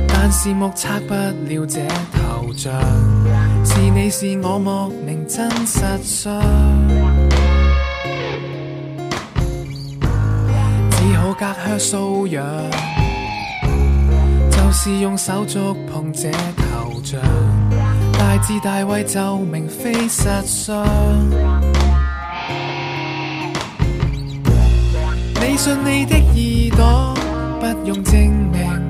但是目測不了這頭像，是你是我莫名真實相，只好隔靴搔癢，就是用手觸碰這頭像，大智大慧就名非實相，你信你的耳朵。用證明。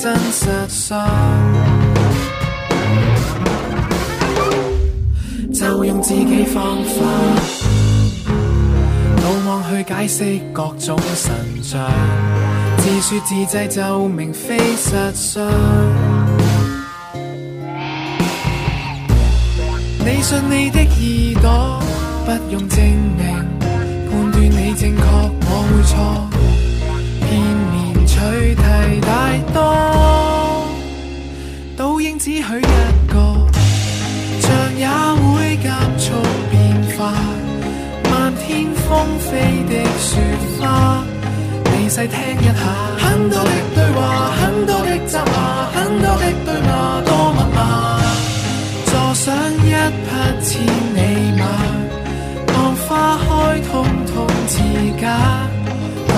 真實相，就用自己方法，魯莽去解釋各種神像，自說自制就明非實相。你信你的耳朵，不用證明，判斷你正確，我會錯。太多倒影只許一個，像也會加速變化，漫天風飛的雪花，你細聽一下。很多的對話，很多的責罵，很多的對話，多密啊！坐上一匹千里馬，浪花開，通通是家。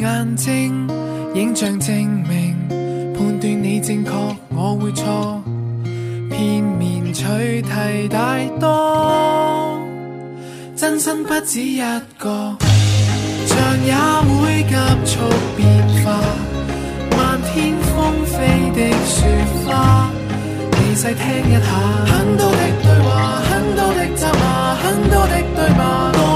眼睛影像證明，判斷你正確，我會錯，片面取替大多，真心不止一個，像也會急速變化，漫天風飛的雪花，你細聽一下，很多的對話，很多的責罵，很多的對白。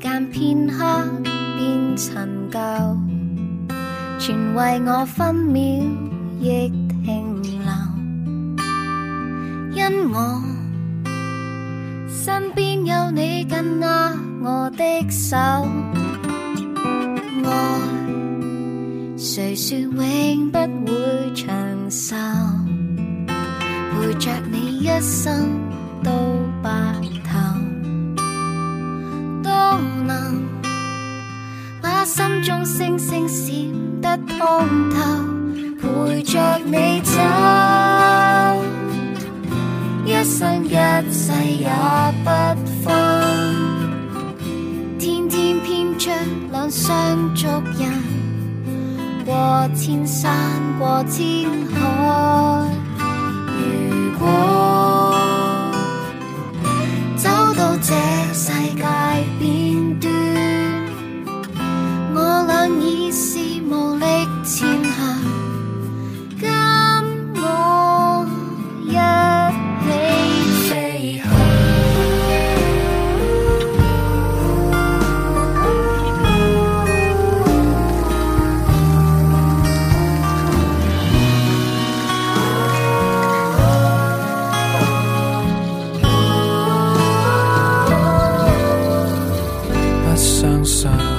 時間片刻變陳舊，全為我分秒亦停留。因我身邊有你，緊握我的手。愛，誰說永不會長壽？陪着你一生到白。他心中星星閃得通透，陪着你走，一生一世也不分。天天編織兩雙足印過千山過千海。如果走到這世界。無力前行，跟我一起去飛去，不相信。